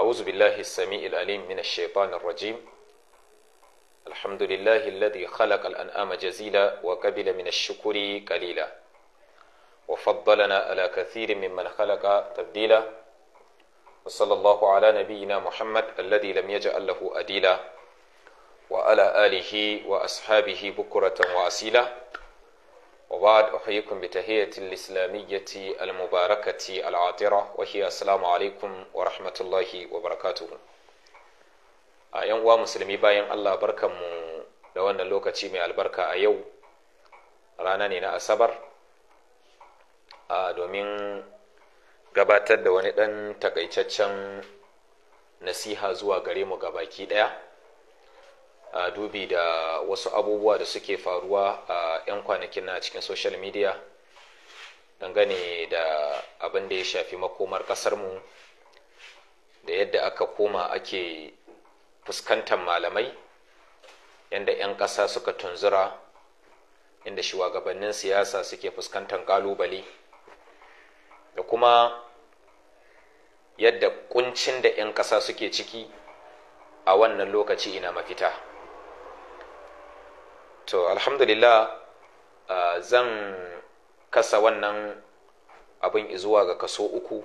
أعوذ بالله السميع العليم من الشيطان الرجيم الحمد لله الذي خلق الأنعام جزيلا وقبل من الشكر قليلا وفضلنا على كثير ممن خلق تبديلا وصلى الله على نبينا محمد الذي لم يجعل له أديلا وعلى آله وأصحابه بكرة وأسيلا وبعد أحييكم بتهية الإسلامية المباركة العاطرة وهي السلام عليكم ورحمة الله وبركاته أيام مسلمي باين الله بركة مو da wannan lokaci mai albarka a yau rana ne na asabar a domin gabatar da wani ɗan takaitaccen nasiha zuwa gare mu baki ɗaya a dubi da wasu abubuwa da suke faruwa a 'yan kwanakin na cikin social media dangane da abin da ya shafi makomar kasarmu da yadda aka koma ake fuskantar malamai yadda 'yan ƙasa suka tunzura inda shugabannin siyasa suke fuskantar ƙalubale da kuma yadda kuncin da 'yan ƙasa suke ciki a wannan lokaci ina mafita to alhamdulillah zan kasa wannan abin izuwa ga kaso uku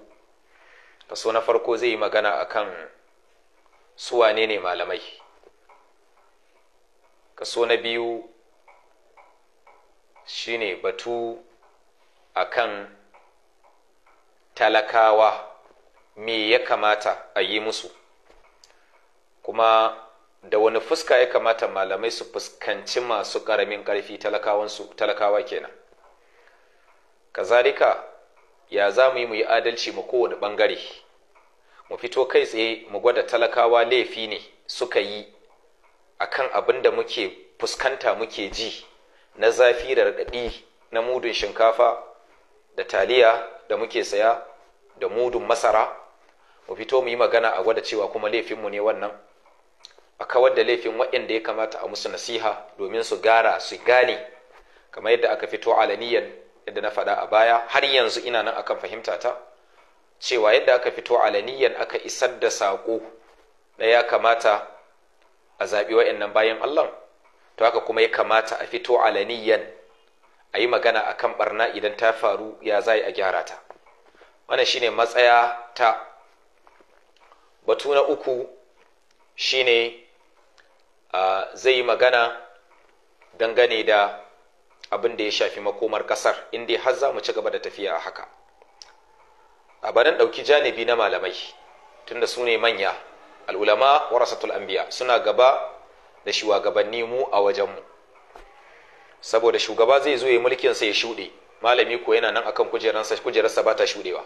kaso na farko zai yi magana akan suwane ne malamai kaso na biyu shine batu akan talakawa me ya kamata a yi musu kuma da wani fuska ya kamata malamai su fuskanci masu ƙaramin ƙarfi talakawa kenan kazalika ya za mu yi mu yi adalci mu kowane ɓangare mu fito kai tsaye mu gwada talakawa laifi ne suka yi akan abin da muke fuskanta muke ji na zafi da raɗaɗi na mudun shinkafa da taliya da muke saya da mudun masara mu fito mu yi magana a gwada cewa kuma laifinmu ne wannan a kawar da laifin waɗanda ya kamata a musu nasiha domin su gara su gane kamar yadda aka fito alaniyan yadda na faɗa a baya har yanzu ina nan akan fahimta ta cewa yadda aka fito alaniyan aka isar da saƙo na ya kamata a zaɓi waɗannan bayan Allah to haka kuma ya kamata a fito alaniyan a yi magana a kan ɓarna idan ta faru ya zaye a gyara ta wannan shine matsaya ta batu na uku shine zai yi magana dangane da abin da ya shafi makomar kasar inda har za mu ci gaba da tafiya a haka a banin ɗauki janibi na malamai tunda su ne manya al'ulama warasatul anbiya suna gaba da shugabanni mu a wajenmu saboda shugaba zai zo ya mulkin mulkinsa ya shuɗe malami ko yana nan akan kujerarsa kujerarsa ba ta shuɗewa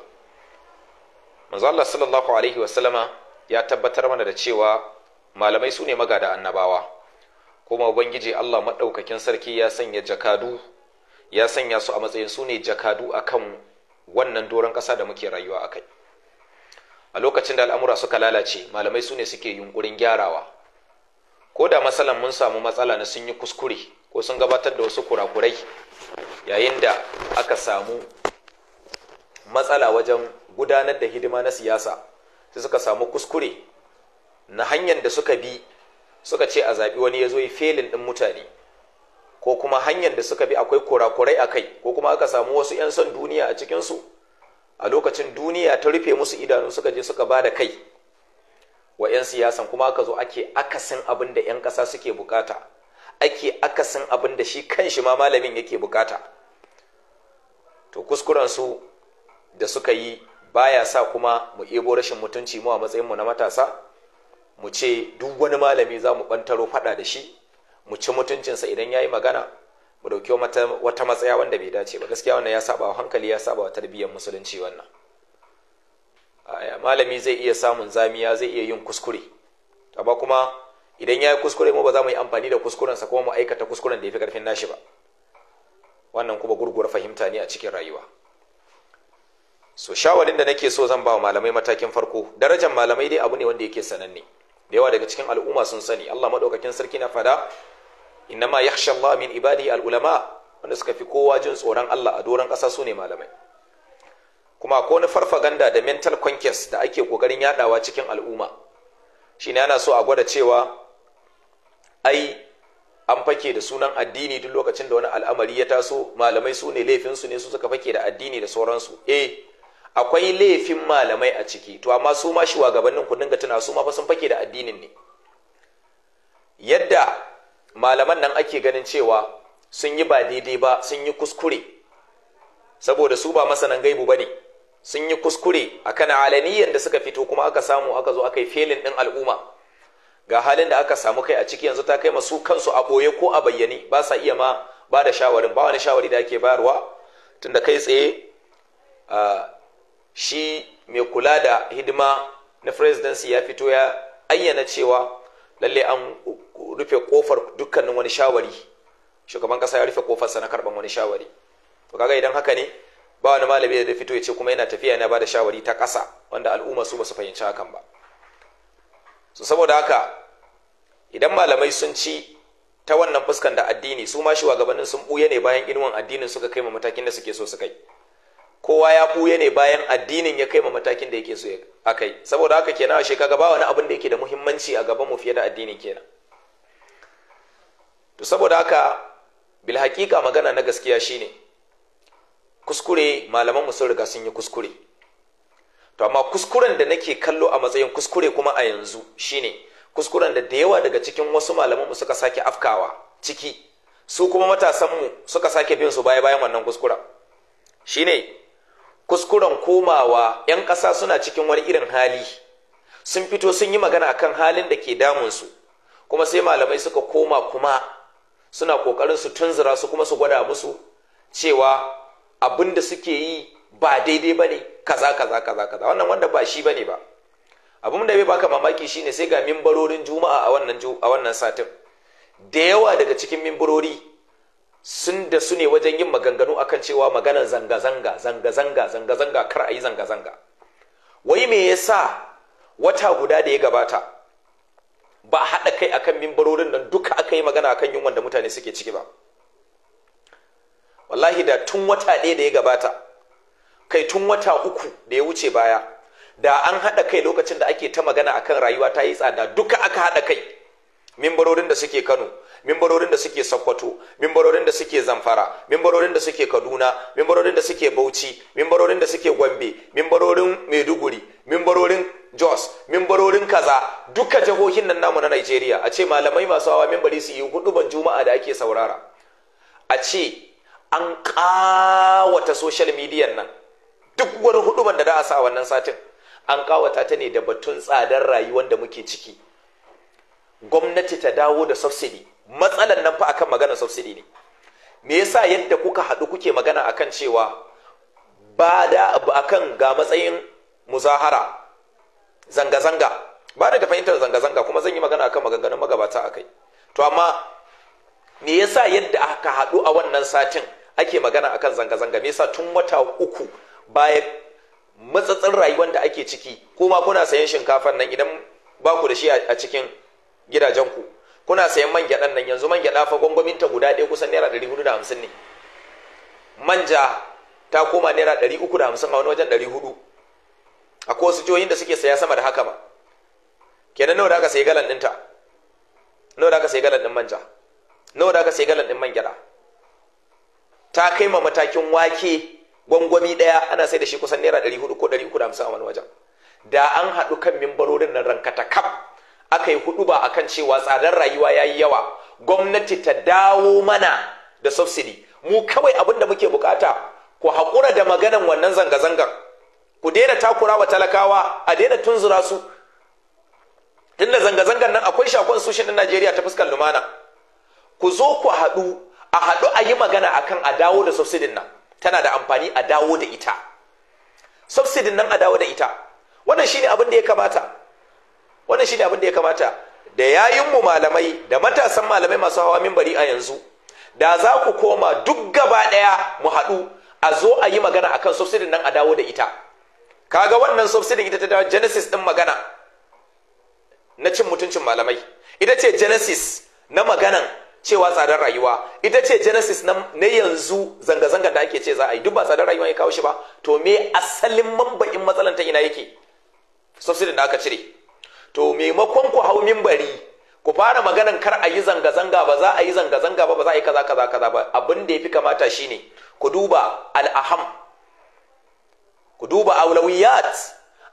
manzo Allah sallallahu alaihi wasallama ya tabbatar mana da cewa malamai su ne magada annabawa kuma ubangiji Allah maɗaukakin sarki ya sanya jakadu ya sanya su a matsayin su ne jakadu a kan wannan doron ƙasa da muke rayuwa a kai a lokacin da al'amura suka lalace malamai su ne suke yunkurin gyarawa ko da matsalan mun samu matsala na sun yi kuskure ko sun gabatar da wasu kurakurai yayin da aka samu matsala wajen gudanar da hidima na siyasa sai suka samu kuskure na hanyar da suka bi suka ce a zaɓi wani ya zo yi felin ɗin mutane ko kuma hanyar da suka bi akwai kurakurai a kai ko kuma aka samu wasu 'yan son duniya a cikinsu a lokacin duniya ta rufe musu idanu suka je suka ba da kai wa 'yan siyasan kuma aka zo ake akasin abin da 'yan ƙasa suke bukata ake akasin abin da shi kan shi ma malamin yake bukata to kuskurensu da suka yi baya sa kuma mu ebo rashin mutunci mu a matsayinmu na matasa mu ce duk wani malami za mu ɓantaro fada da shi mu ci mutuncinsa idan ya yi magana mu ɗauki wata matsaya wanda bai dace ba gaskiya wannan ya saba wa hankali ya saba wa tarbiyyar musulunci wannan malami zai iya samun zamiya zai iya yin kuskure amma kuma idan ya yi kuskure mu ba za mu yi amfani da kuskurensa kuma mu aikata kuskuren da ya fi ƙarfin nashi ba wannan kuma gurgur fahimta ne a cikin rayuwa so shawarin da nake so zan ba wa malamai matakin farko darajar malamai dai abu ne wanda yake sananne da yawa daga cikin al'umma sun sani Allah madaukakin sarki na fada innama yakhsha Allah min ibadihi al-ulama wanda suka fi kowa jin tsoron Allah a doron ƙasa su ne malamai kuma ko na farfaganda da mental conquest da ake ƙoƙarin yadawa cikin al'umma shi ne yana so a gwada cewa ai an fake da sunan addini duk lokacin da wani al'amari ya taso malamai su ne laifinsu ne su suka fake da addini da sauransu eh akwai laifin malamai a ciki to amma su ma shugabannin ku dinga tuna su ma fa sun fake da addinin ne yadda malaman nan ake ganin cewa sun yi ba daidai ba sun yi kuskure saboda su ba masanan gaibu bane sun yi kuskure akan alaniyan da suka fito kuma aka samu aka zo aka yi felin din al'umma ga halin da aka samu kai a ciki yanzu ta kai masu kansu a boye ko a bayyane ba sa iya ma ba da shawarin ba wani shawari da ake bayarwa tunda kai tsaye ah, shi mai kula da hidima na presidency ya fito ya ayyana cewa lalle an rufe kofar dukkanin wani shawari shugaban kasa ya rufe kofarsa na karban wani shawari to kaga idan haka ne ba wani malami da fito ya ce kuma yana tafiya yana bada shawari ta kasa wanda al'umma su basu fahimci hakan ba so saboda haka idan malamai sun ci ta wannan fuskan da addini su ma shugabannin sun buya ne bayan inuwan addinin suka kai ma matakin da suke so su kai kowa ya buye ne bayan addinin ya kai ma matakin da yake so a kai saboda haka kenan a shekaga ba wani abin da yake da muhimmanci a gaban mu fiye da addinin kenan to saboda haka bil haƙiƙa magana na gaskiya shine kuskure malaman mu sun riga sun yi kuskure to amma kuskuren da nake kallo a matsayin kuskure kuma a yanzu shine kuskuren da da yawa daga cikin wasu malaman mu suka sake afkawa ciki su kuma matasan mu suka sake bin su baya bayan wannan kuskura shine kuskuren komawa 'yan ƙasa suna cikin wani irin hali sun fito sun yi magana kan halin da ke damunsu kuma sai malamai suka koma kuma suna ƙoƙarin su tunzura su kuma su gwada musu cewa abin da suke yi ba daidai ba ne kaza kaza kaza kaza wannan wanda ba shi ba ne ba abin da bai baka mamaki shine sai ga mimbarorin juma'a wannan a wannan satin da yawa daga cikin mimbarori sun da su ne wajen yin maganganu akan cewa maganar zanga-zanga zanga-zanga zanga-zanga kar a yi zanga-zanga wai me ya sa wata guda da ya gabata ba haɗa kai akan mimbarorin nan duka aka yi magana akan yunwa da mutane suke ciki ba wallahi da tun wata ɗaya da ya gabata kai tun wata uku da ya wuce baya da an haɗa kai lokacin da ake ta magana akan rayuwa ta yi tsada duka aka haɗa kai mimbarorin da suke kano mimbarorin da suke Sokoto mimbarorin da suke Zamfara mimbarorin da suke Kaduna mimbarorin da suke Bauchi mimbarorin da suke Gombe mimbarorin Maiduguri mimbarorin Jos mimbarorin kaza duka jihohin nan namu na Najeriya a ce malamai masu hawa mimbari su yi hudu ban juma'a da ake saurara a ce an ƙawata social media nan duk wani ban da za a sa wannan satin an ƙawata ta ne da batun tsadar rayuwar da muke ciki gwamnati ta dawo da subsidy matsalan nan fa akan magana subsidy ne me yasa yadda kuka haɗu kuke magana akan cewa ba da akan ga matsayin muzahara zanga-zanga ba da fahimtar zanga-zanga kuma zan yi magana akan maganganun magabata akai to amma me yasa yadda aka haɗu a wannan satin ake magana akan zanga-zanga me yasa tun wata uku bayan matsatsin rayuwar da ake ciki kuma kuna sayen shinkafan nan idan ba ku da shi a cikin gidajen ku. kuna sayan man gyaɗan nan yanzu man gyaɗa fa gwangwamin ta guda ɗaya kusan naira ɗari hudu da hamsin ne manja ta koma naira ɗari uku da hamsin a wani wajen ɗari hudu akwai wasu jihohin da suke saya sama da haka ba kenan nawa da aka sayi galan ɗinta nawa da aka sayi galan ɗin manja nawa da aka sayi galan ɗin man gyaɗa ta kai ma matakin wake gwangwami ɗaya ana sai da shi kusan naira ɗari hudu ko ɗari uku da hamsin a wani wajen da an haɗu kan mimbarorin nan rankata kaf aka yi hudu ba akan cewa tsadar rayuwa ya yi yawa gwamnati ta dawo mana da subsidy mu kawai abin da muke bukata ku haƙura da maganan wannan zanga-zangar ku daina takura wa talakawa a daina tunzura su tunda zanga-zangar nan akwai shakon sushin na Najeriya ta fuskar lumana ku zo ku haɗu a haɗu a yi magana akan a dawo da subsidin nan tana da amfani a dawo da ita subsidin nan a dawo da ita wannan shine abin da ya kamata wannan shi ne abin da ya kamata da yayin mu malamai da matasan malamai masu hawa minbari a yanzu da za ku koma duk gaba daya mu haɗu a zo a yi magana akan subsidin nan a dawo da ita kaga wannan subsidin ita ta dawo genesis din magana na cin mutuncin malamai ita ce genesis na maganan cewa tsadar rayuwa ita ce genesis na, yanzu zanga-zanga da ake ce za a yi duk ba tsadar rayuwa ya kawo shi ba to me asalin mambakin matsalan ta ina yake subsidin da aka cire to maimakon ku hau mimbari ku fara maganan kar a yi zanga-zanga ba za a yi zanga-zanga ba ba za a yi kaza kaza kaza ba abin da ya fi kamata shine ku duba al'aham ku duba aulawiyat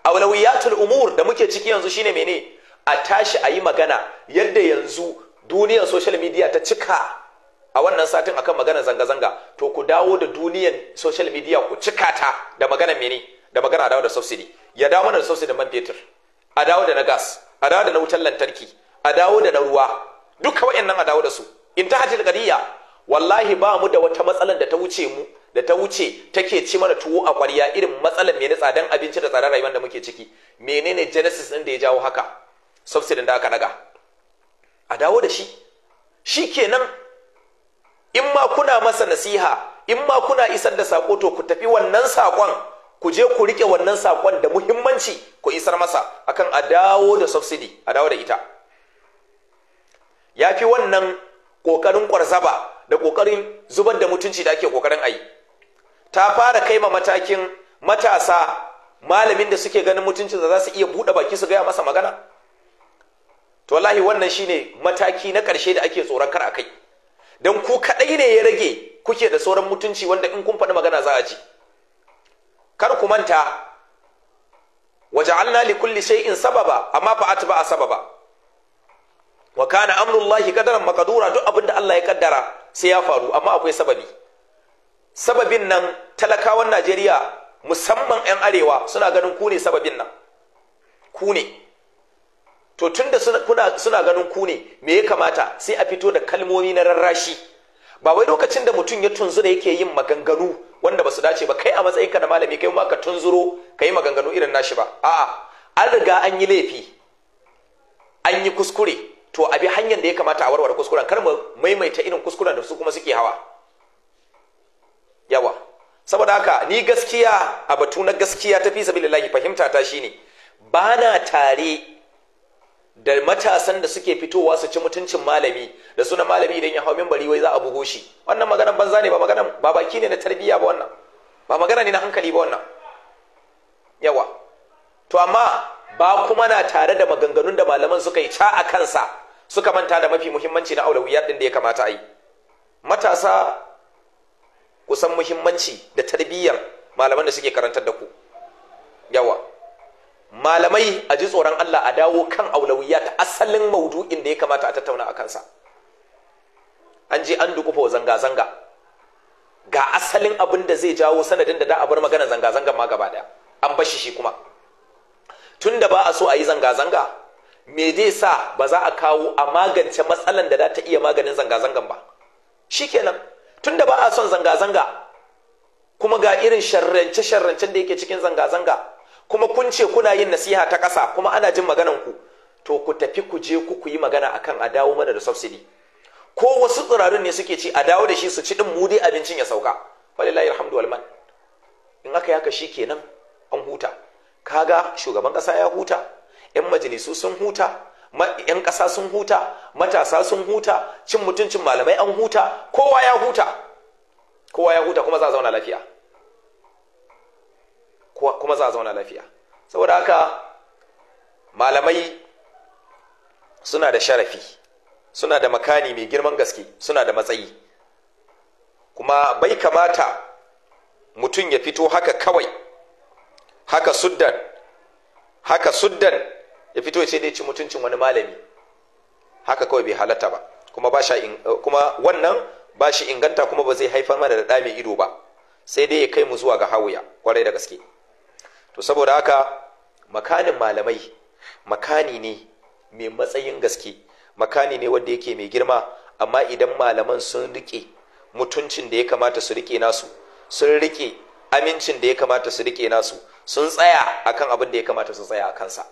aulawiyatul umur da muke ciki yanzu shine mene a tashi a yi magana yadda yanzu duniyar social media ta cika a wannan satin akan maganar zanga-zanga to ku dawo da duniyar social media ku cika ta da maganar mene da magana dawo da subsidy ya dawo mana da subsidy man fetur a dawo da na gas a dawo da na wutar lantarki a dawo da na ruwa duka wayannan a dawo da su in ta hajji gariya wallahi ba mu da wata matsalar da ta wuce mu da ta wuce take ci mana tuwo a kwarya irin matsalar mai tsadan abinci da tsadar rayuwar da muke ciki menene genesis din da ya jawo haka subsidy da aka daga a dawo da shi shi kenan in ma kuna masa nasiha in ma kuna isar da sako to ku tafi wannan sakon ku je ku rike wannan sakon da muhimmanci ku isar masa akan a dawo da subsidy a dawo da ita ya fi wannan ƙoƙarin ƙwarzaba da ƙoƙarin zubar da mutunci da ake ƙoƙarin a ta fara kai ma matakin matasa malamin da suke ganin mutuncin da za su iya buɗe baki su gaya masa magana to wallahi wannan shine mataki na ƙarshe da ake tsoron kar a kai don ku kaɗai ne ya rage kuke da sauran mutunci wanda in kun faɗi magana za a ji kar ku manta waja'alna li kulli shay'in sababa amma fa atba sababa wa kana amrullahi qadaran maqdura duk abinda Allah ya kaddara sai ya faru amma akwai sababi sababin nan talakawan Najeriya musamman 'yan arewa suna ganin ku ne sababin nan ku ne to tunda suna suna ganin ku ne me ya kamata sai a fito da kalmomi na rarrashi ba wai lokacin da mutum ya tunzu tunzura yake yin maganganu wanda ba su dace ba kai a matsayin ka na malami kai ma ka tunzuro kai maganganu irin nashi ba a'a an riga an yi laifi an yi kuskure to a bi hanyar da ya kamata a warware kuskuren kar mu maimaita irin kuskuren da su kuma suke hawa yawa saboda haka ni gaskiya a batu na gaskiya ta fi sabilillahi fahimta ta shine ba tare da matasan da suke fitowa su ci mutuncin malami da suna malami idan ya hau minbari wai za a bugo shi wannan magana banza ne ba magana ba baki ne na tarbiyya ba wannan ba magana ne na hankali ba wannan yawa to amma ba kuma na tare da maganganun da malaman suka yi ca a kansa suka manta da mafi muhimmanci na aulawiyar din da ya kamata a yi matasa kusan muhimmanci da tarbiyyar malaman da suke karantar da ku yawa malamai a ji tsoron Allah a dawo kan aulawiya ta asalin maudu'in da ya kamata a tattauna a kansa an je an dukufa zanga-zanga ga asalin abin da zai jawo sanadin da da a bar magana zanga-zanga ma gaba daya an bashi shi kuma tun da ba a so a yi zanga-zanga me zai sa ba za a kawo a magance matsalan da da ta iya maganin zanga-zangan ba shikenan tun da ba a son zanga-zanga kuma ga irin sharrance-sharrancen da yake cikin zanga-zanga kuma kun ce kuna yin nasiha ta ƙasa kuma ana jin maganan ku to ku tafi ku je ku ku yi magana akan a dawo mana da subsidy ko wasu tsirarin ne suke ci a dawo da shi su ci din mu dai abincin ya sauka walillahi alhamdu wal in aka yaka shi kenan an huta kaga shugaban ƙasa ya huta 'yan majalisu sun huta 'yan ƙasa sun huta matasa sun huta cin mutuncin malamai an huta kowa ya huta kowa ya huta kuma za a zauna lafiya kuma za a zauna lafiya saboda haka malamai suna da sharafi suna da makani mai girman gaske suna da matsayi kuma bai kamata mutum ya fito haka kawai haka suddan haka suddan ya fito ya ce dai ci mutuncin wani malami haka kawai bai halatta ba kuma ba kuma wannan ba shi inganta kuma ba zai haifar mana da ɗa mai ido ba sai dai ya kai mu zuwa ga hawuya kwarai da gaske to saboda haka makanin malamai makani ne mai matsayin gaske makani ne wanda yake mai girma amma idan malaman sun rike mutuncin da ya kamata su rike nasu sun rike amincin da ya kamata su rike nasu sun tsaya akan abin da ya kamata su tsaya a kansa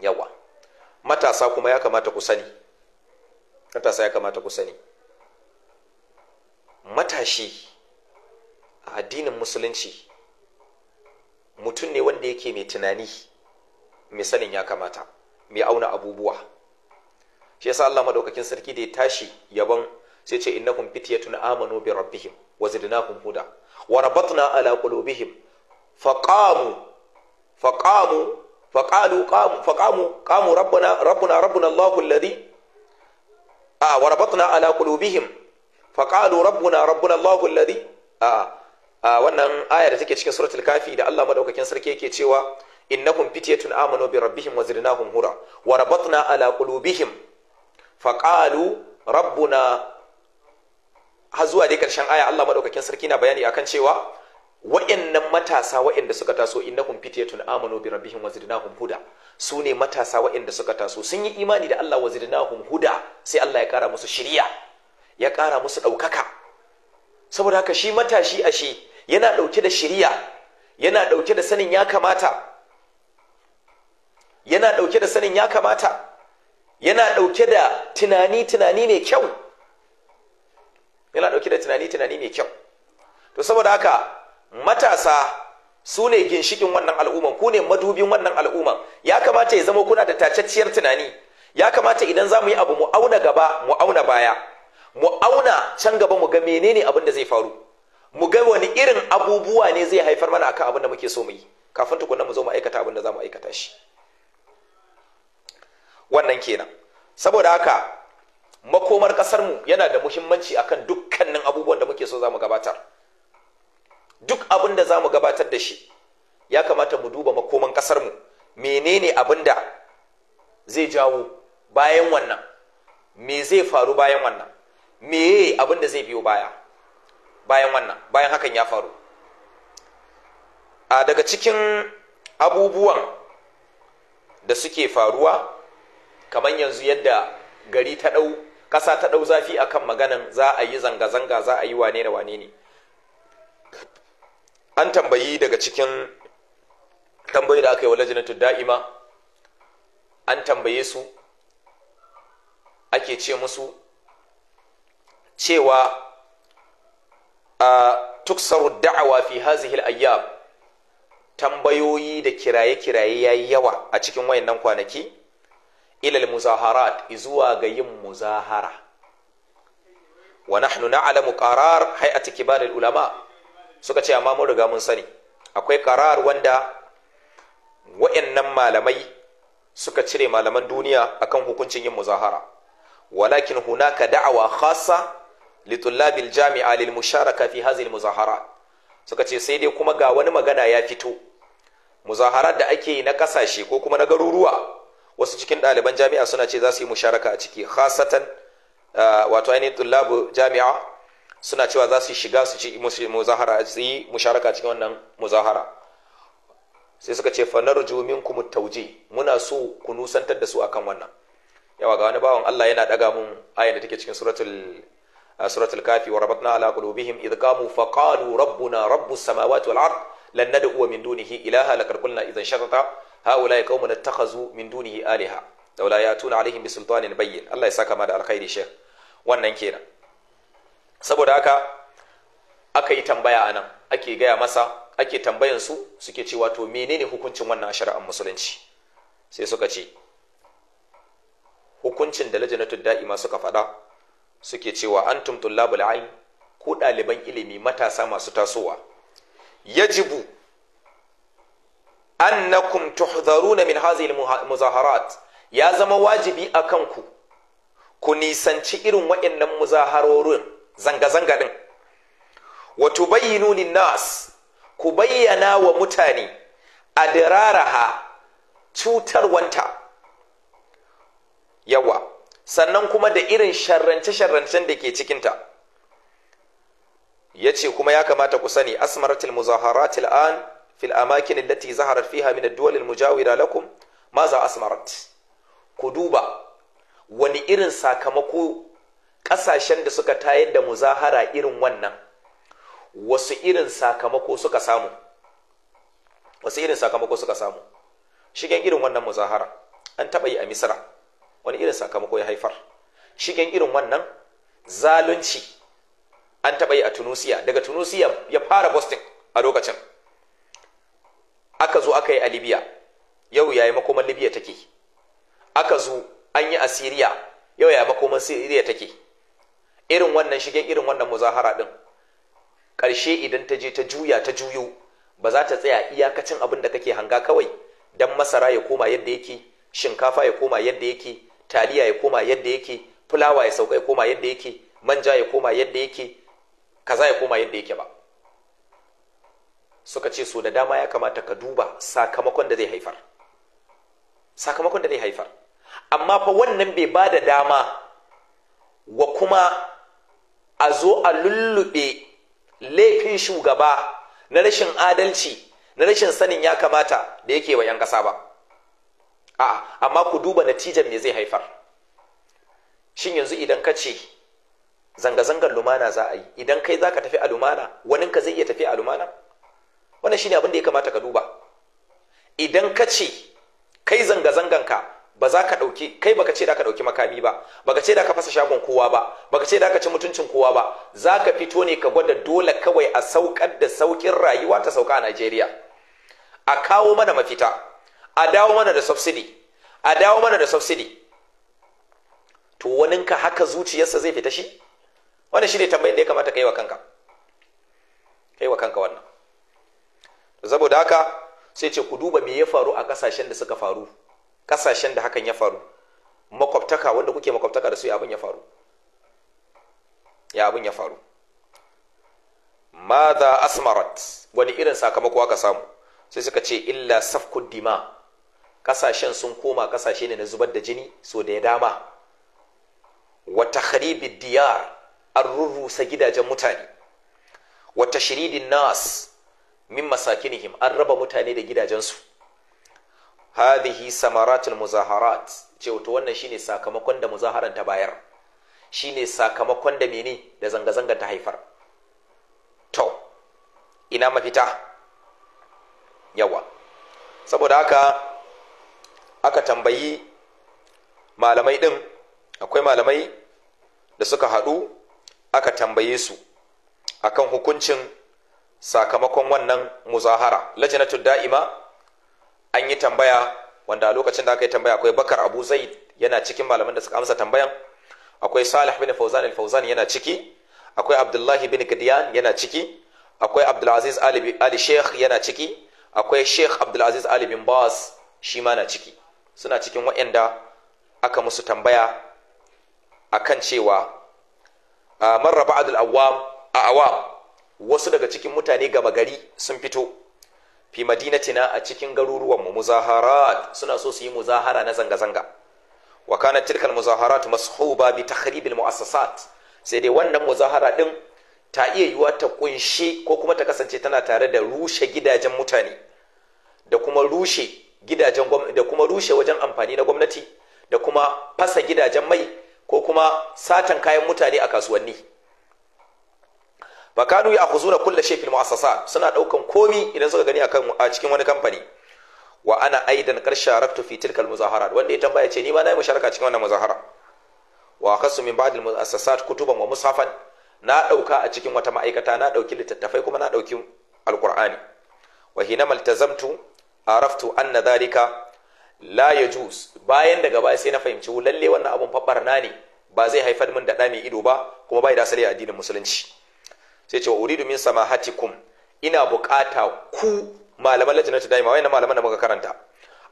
yawa matasa kuma ya kamata ku sani matasa ya kamata ku sani matashi a addinin musulunci mutum ne wanda yake mai tunani mai sanin ya kamata mai auna abubuwa shi yasa Allah madaukakin sarki da ya tashi yaban sai ce innahum fityatun amanu bi rabbihim wa zidnahum huda wa rabatna ala qulubihim faqamu faqamu faqalu qamu faqamu qamu rabbana rabbuna rabbuna Allahu alladhi a wa rabatna ala qulubihim faqalu rabbuna rabbuna Allahu alladhi a a wannan ayar da take cikin suratul kafi da Allah madaukakin sarki yake cewa innakum fityatun amanu bi rabbihim wa zidnahum hura wa rabatna ala qulubihim faqalu rabbuna har zuwa dai karshen aya Allah madaukakin sarki na bayani akan cewa wa'annan matasa wa'anda suka taso innakum fityatun amanu bi rabbihim wa zidnahum huda su ne matasa wa'anda suka taso sun yi imani da Allah wa zidnahum huda sai Allah ya kara musu shiriya ya kara musu daukaka saboda haka shi matashi ashe. yana ɗauke da shiriya yana ɗauke da sanin ya kamata yana ɗauke da sanin ya kamata yana ɗauke da tunani-tunani mai kyau yana ɗauke da tunani-tunani mai kyau to saboda haka matasa su ne ginshikin wannan al'umman ku ne madubin wannan al'umman ya kamata ya zama kuna da tacacciyar tunani ya kamata idan za mu yi abu mu auna gaba mu auna baya mu auna can gaba mu ga menene abin da zai faru mu ga wani irin abubuwa ne zai haifar mana akan abin da muke so mu yi kafin tukunna mu zo mu aikata abin da za mu aikata shi wannan kenan saboda haka makomar kasar mu yana da muhimmanci akan dukkanin abubuwan da muke so za mu gabatar duk abin da za mu gabatar da shi ya kamata mu duba makoman kasar mu menene abin da zai jawo bayan wannan me zai faru bayan wannan me abin da zai biyo baya bayan wannan bayan hakan ya faru a daga cikin abubuwan da suke faruwa kamar yanzu yadda gari ta ɗau ƙasa ta ɗau zafi akan maganan za a yi zanga-zanga za a yi wane da wane ne an tambayi daga cikin tambayi da aka yi wa lajinatun da'ima an tambaye su ake ce musu cewa A tuksaru da'awa fi hazihil ayyam tambayoyi da kiraye-kiraye yayi yawa a cikin wayannan kwanaki ilal muzaharat zuwa ga yin muzahara wa nahnu na'lamu qarar hay'ati kibaril ulama suka ce amma mun riga mun sani akwai qarar wanda wayannan malamai suka cire malaman duniya akan hukuncin yin muzahara walakin hunaka da'awa khassa li tullabil jami'a lil musharaka fi hazil muzahara suka ce sai dai kuma ga wani magana ya fito muzaharar da ake yi na kasashe ko kuma na garuruwa wasu cikin ɗaliban jami'a suna ce za su yi musharaka a ciki khasatan ah, wato ainihin tullabu jami'a suna cewa za su shiga su ci muzahara su yi musharaka cikin wannan muzahara sai suka ce fa narju minkum ta'uje muna so ku nusantar da su akan wannan yawa ga wani bawan Allah yana daga mun ayan da take cikin suratul A suratul kafi wa rabatna ala qulubihim idh qamu fa qalu rabbuna rabbus samawati wal ard lan uwa min dunihi ilaha laqad qulna idhan shatata haula'i qaumun ittakhazu min aliha, alaha law la yatuna alaihim bi sultanin bayyin Allah ya sa ma da alkhairi sheikh wannan kena. saboda haka aka yi tambaya anan ake gaya masa ake tambayan su suke cewa to menene hukuncin wannan shari'ar musulunci sai suka ce hukuncin da lajinatul ma suka faɗa suke cewa antum tullabul ilm ko ɗaliban ilimi matasa masu tasowa yajibu annakum tuhdharuna min hadhihi muzaharat ya zama wajibi a kanku ku nisanci irin waɗannan muzaharorin zanga-zanga ɗin wa tubayyinu nas, ku bayyana wa mutane a adraraha cutarwanta yawa sannan kuma da irin sharrance-sharrancen da ke cikinta ya ce kuma ya kamata ku sani asmaratil muzaharatil an fil amakin allati zaharar fiha min ad-duwal mujawira lakum maza asmarat ku duba wani irin sakamako kasashen da suka tayar da muzahara irin wannan wasu irin sakamako suka samu wasu irin sakamako suka samu shigen irin wannan muzahara an taɓa yi a misra wani irin sakamako ya haifar shigen irin wannan zalunci an taɓa yi a tunisia daga tunisiya ya fara boston a lokacin aka zo aka yi a libya yau yayi makoman libya take aka zo an yi a syria yau yayi makoman syria take irin wannan shigen irin wannan muzahara din ƙarshe idan ta je ta juya ta juyo ba za ta tsaya iyakacin abin da kake hanga kawai don masara ya koma yadda yake shinkafa ya koma yadda yake taliya ya koma yadda yake fulawa ya sauka ya koma yadda yake manja ya koma yadda yake kaza ya koma yadda yake ba suka ce so da dama ya kamata ka duba sakamakon da zai haifar sakamakon da zai haifar amma fa wannan bai ba da dama wa kuma a zo a lullube laifin shugaba na rashin adalci na rashin sanin ya kamata da yake wa 'yan ƙasa ba a'a amma ku duba natijan me zai haifar shin yanzu idan ka ce zanga-zangar lumana za a yi idan kai za ka tafi a lumana wani ka zai iya tafi a lumana wannan shine abin da ya kamata ka duba idan ka ce kai zanga-zangan ka ba za ka ɗauki kai baka ce da ka ɗauki makami ba baka ce da ka fasa shagon kowa ba baka ce da ka ci mutuncin kowa ba za ka fito ne ka gwada dole kawai a saukar da saukin rayuwa ta sauka a Najeriya a kawo mana mafita a dawo mana da subsidy a dawo mana da subsidy to waninka haka zuciyarsa zai fita shi wannan shine tambayin da ya kamata kai wa kanka kai wa kanka wannan saboda haka sai ce ku duba me ya faru a kasashen da suka faru kasashen da hakan ya faru makwabtaka wanda kuke makwabtaka da su ya abin ya faru ya abin ya faru madha asmarat wani irin sakamako aka samu sai suka ce illa safkud dima kasashen sun koma kasashe ne na zubar da jini so da ya dama wata kharibi diyar an rurrusa gidajen mutane wata shiridin nas min masakinihim an raba mutane da gidajensu hadhihi samaratul muzaharat ce wato wannan shine sakamakon da muzaharan ta bayar shine sakamakon da mene da zanga-zanga ta haifar to ina mafita yawa saboda haka aka tambayi malamai din akwai malamai da suka haɗu aka tambaye su akan hukuncin sakamakon wannan muzahara lajinatul da'ima an yi tambaya wanda a lokacin da aka yi tambaya akwai bakar abu zaid yana cikin malamin da suka amsa tambayan akwai salih bin fauzan al-fauzan yana ciki akwai abdullahi bin gidiyan yana ciki akwai abdulaziz ali sheikh yana ciki akwai sheikh abdulaziz ali bin bas shi ma na ciki suna cikin waɗanda aka musu tambaya ah, a kan cewa marra ba'dul awam a wasu daga cikin mutane gama gari sun fito fi madinatina a cikin garuruwan mu muzaharat suna so su yi muzahara na zanga zanga wa kanat tilkal muzaharat mashuba bi takhribil muassasat sai dai wannan muzahara ɗin ta iya yiwa ta kunshi ko kuma ta kasance tana tare da rushe gidajen mutane da kuma rushe gidajen gwamnati da kuma rushe wajen amfani na gwamnati da kuma fasa gidajen mai ko kuma satan kayan mutane a kasuwanni fakanu ya akhuzuna kulla kulle fil suna ɗaukan komi idan suka gani a cikin wani kamfani wa ana aidan karsharaktu fi tilka muzaharat wanda ya tambaya ce ni ma yi musharaka cikin wannan muzahara wa kasu min ba'd mu'assasat kutuban wa musafan. na dauka a cikin wata ma'aikata na ɗauki littattafai kuma na dauki alqur'ani wa maltazamtu araftu anna dhalika la yajuz bayan daga baya sai na fahimci lalle wannan abun fabarna ne ba zai haifar min da da mai ido ba kuma bai da asali a addinin musulunci sai ce wa uridu min samahatikum ina bukata ku malaman lajnatu daima wayannan malaman da muka karanta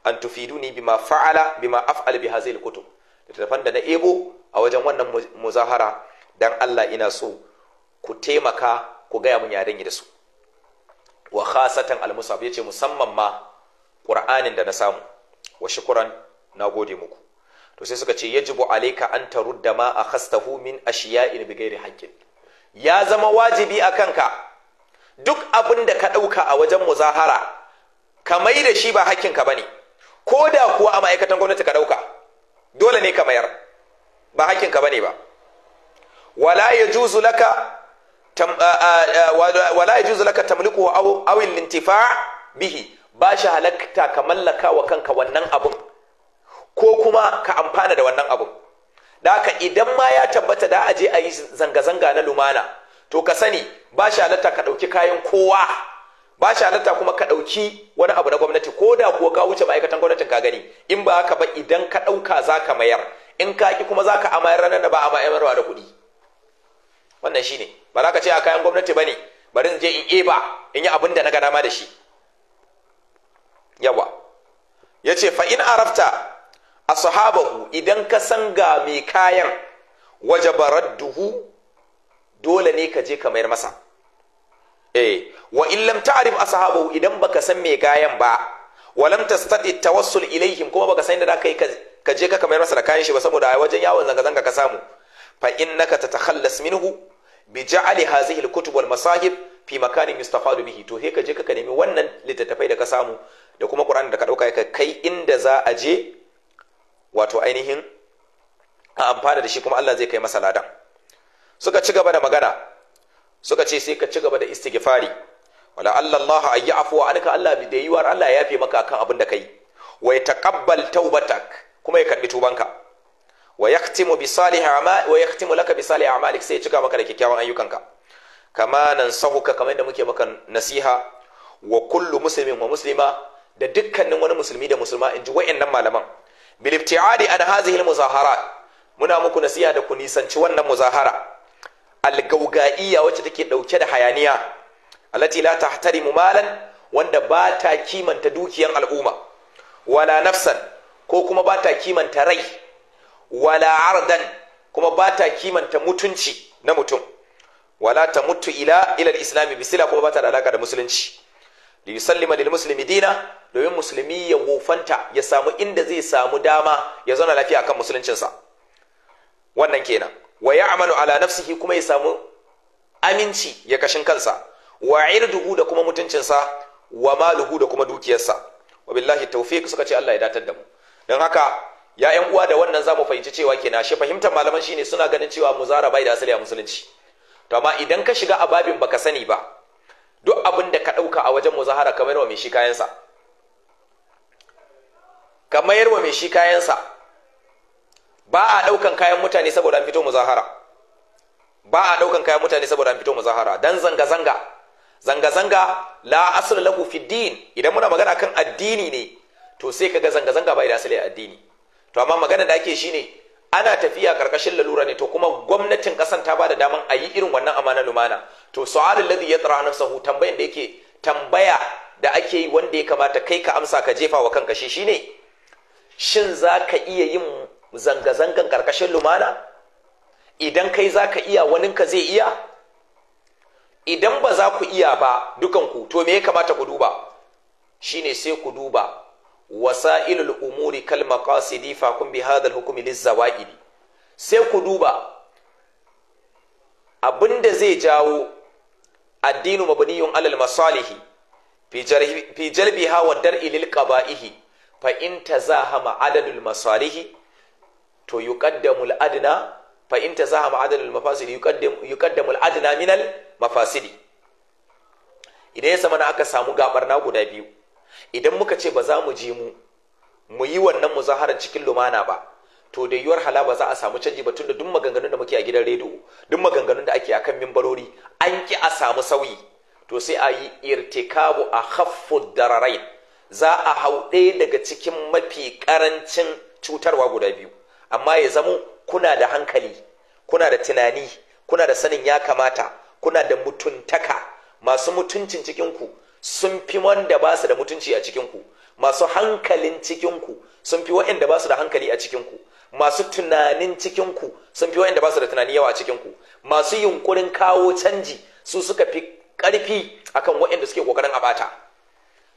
an tufiduni bima fa'ala bima af'al bi hazil kutub littattafan da na ebo a wajen wannan muzahara dan Allah ina so ku taimaka ku gaya mun yaren da su wa khasatan al yace musamman ma ƙur'anin da na samu wa shukuran na gode muku to sai suka ce yajibu alaika an tarudda ma akhastahu min ashiya'in bighairi haqqin ya zama wajibi a kanka duk abin da ka ɗauka a wajen muzahara ka mai da shi ba hakkinka bane ko da kuwa a ma'aikatan gwamnati ka ɗauka dole ne ka mayar ba hakkinka bane ba wala yajuzu laka wala yajuzu laka tamliku aw lintifa bihi ba shi halatta ka mallaka wa kanka wannan abun ko kuma ka amfana da wannan abun da haka idan ma ya tabbata da je a yi zanga-zanga na lumana to ka sani ba shi halatta ka ɗauki kayan kowa ba shi halatta kuma ka ɗauki wani abu na gwamnati ko da kuwa ka wuce ma'aikatan gwamnatin ka gani in ba haka ba idan ka ɗauka za ka mayar in ka ki kuma za ka amayar ranar da ba a mayarwa da kuɗi wannan shine ba za ka ce a kayan gwamnati ba ne bari in je in eba in yi abin da na ga dama da shi yawa ya ce fa'in arafta a sahabahu idan ka san ga mai kayan waje duhu dole ne ka je ka mayar masa eh wa illam ta'rif ashabahu idan baka san mai kayan ba walam tastati tawassul ilaihim kuma baka san da zaka yi ka je ka mayar masa da kayan shi ba saboda a wajen yawon zanga zanga ka samu fa innaka tatakhallas minhu bi ja'ali hadhihi al-kutub wal masahib fi makanin yustafadu bihi to he ka je ka nemi wannan littattafai da ka samu da kuma ƙuran da ka ɗauka ka kai inda za a je wato ainihin a amfana da shi kuma Allah zai kai masa ladan suka ci gaba da magana suka ce sai ka ci gaba da istighfari wala Allah Allah ayi afwa anka Allah bi da yiwar Allah ya yafe maka akan abin da kai wa taqabbal tawbatak kuma ya karbi tubanka wa yaktimu bi salih a'mal wa yaktimu laka bi salih a'malik sai ya cika maka da kyakkyawan ayyukanka kama nan sahuka kamar yadda muke maka nasiha wa kullu muslimin wa muslima da dukkanin wani musulmi da musulma in ji wa'annan malaman bil ibtiadi an hazihi muzahara muna muku nasiya da ku nisanci wannan muzahara al gaugaiya wacce take dauke da hayaniya allati la tahtarimu malan wanda ba ta kimanta dukiyar al'umma wala nafsan ko kuma ba ta kimanta rai wala ardan kuma ba ta kimanta mutunci na mutum wala ta mutu ila ilal islami bisila kuma ba ta da alaka da musulunci li yusallima lil muslimi dina domin musulmi ya wofanta ya samu inda zai samu dama ya zauna lafiya kan musuluncinsa wannan kenan wa amalu ala nafsihi kuma ya samu aminci ya kashin kansa wa irduhu da kuma mutuncinsa wa maluhu da kuma dukiyarsa wa billahi tawfiq suka ce Allah ya datar da mu don haka ya yan uwa da wannan zamu fahimci cewa kenan shi fahimtar malaman shine suna ganin cewa muzara bai da asali a musulunci to amma idan ka shiga a babin baka sani ba duk abin da ka dauka a wajen muzahara kamar wa mai shi kayansa ka mayar wa mai shi kayansa ba a ɗaukan kayan mutane saboda an fito muzahara ba a ɗaukan kayan mutane saboda an fito muzahara dan zanga-zanga zanga-zanga la asl lahu fi din idan muna magana kan addini ne to sai kaga zanga-zanga bai da asali addini to amma magana da ake shine ana tafiya karkashin lalura ne to kuma gwamnatin kasan ta bada daman a yi irin wannan amana lumana to su'alul ladhi yatra nafsahu tambayan da yake tambaya da ake yi wanda ya kamata kai ka amsa ka jefa wa kanka shi shine shin za ka iya yin zanga-zangan ƙarƙashin lumana idan kai za ka iya waninka zai iya idan ba za ku iya ba dukanku to me ya kamata ku duba shine sai ku duba wasa wasa'ilul umuri kalma maqasidi difa kun bi hadha hukmi lizawaidi sai ku duba abinda zai jawo addinu mabaniyun alal masalihi fi jalbiha wa dar'i lil qaba'ihi fa in tazahama adadul masalihi to yuqaddamu adna fa in tazahama adadul mafasidi adna minal mafasidi idan ya zama aka samu na guda biyu idan muka ce ba za mu je mu mu yi wannan muzaharar cikin lumana ba to da yiwuwar hala ba za a samu canji ba tunda duk maganganun da muke a gidan rediyo duk maganganun da ake a kan mimbarori an ki a samu sauyi to sai a yi irtikabu a khaffud dararain za a hau ɗaya daga cikin mafi ƙarancin cutarwa guda biyu amma ya zamo kuna da hankali kuna da tunani kuna da sanin ya kamata kuna da mutuntaka masu mutuncin cikinku sun fi wanda ba su da mutunci a cikinku masu hankalin cikinku sun fi waɗanda ba su da hankali a cikinku masu tunanin cikinku sun fi waɗanda ba su da tunani yawa a cikinku masu yunkurin kawo canji su suka fi ƙarfi akan waɗanda suke ƙoƙarin a bata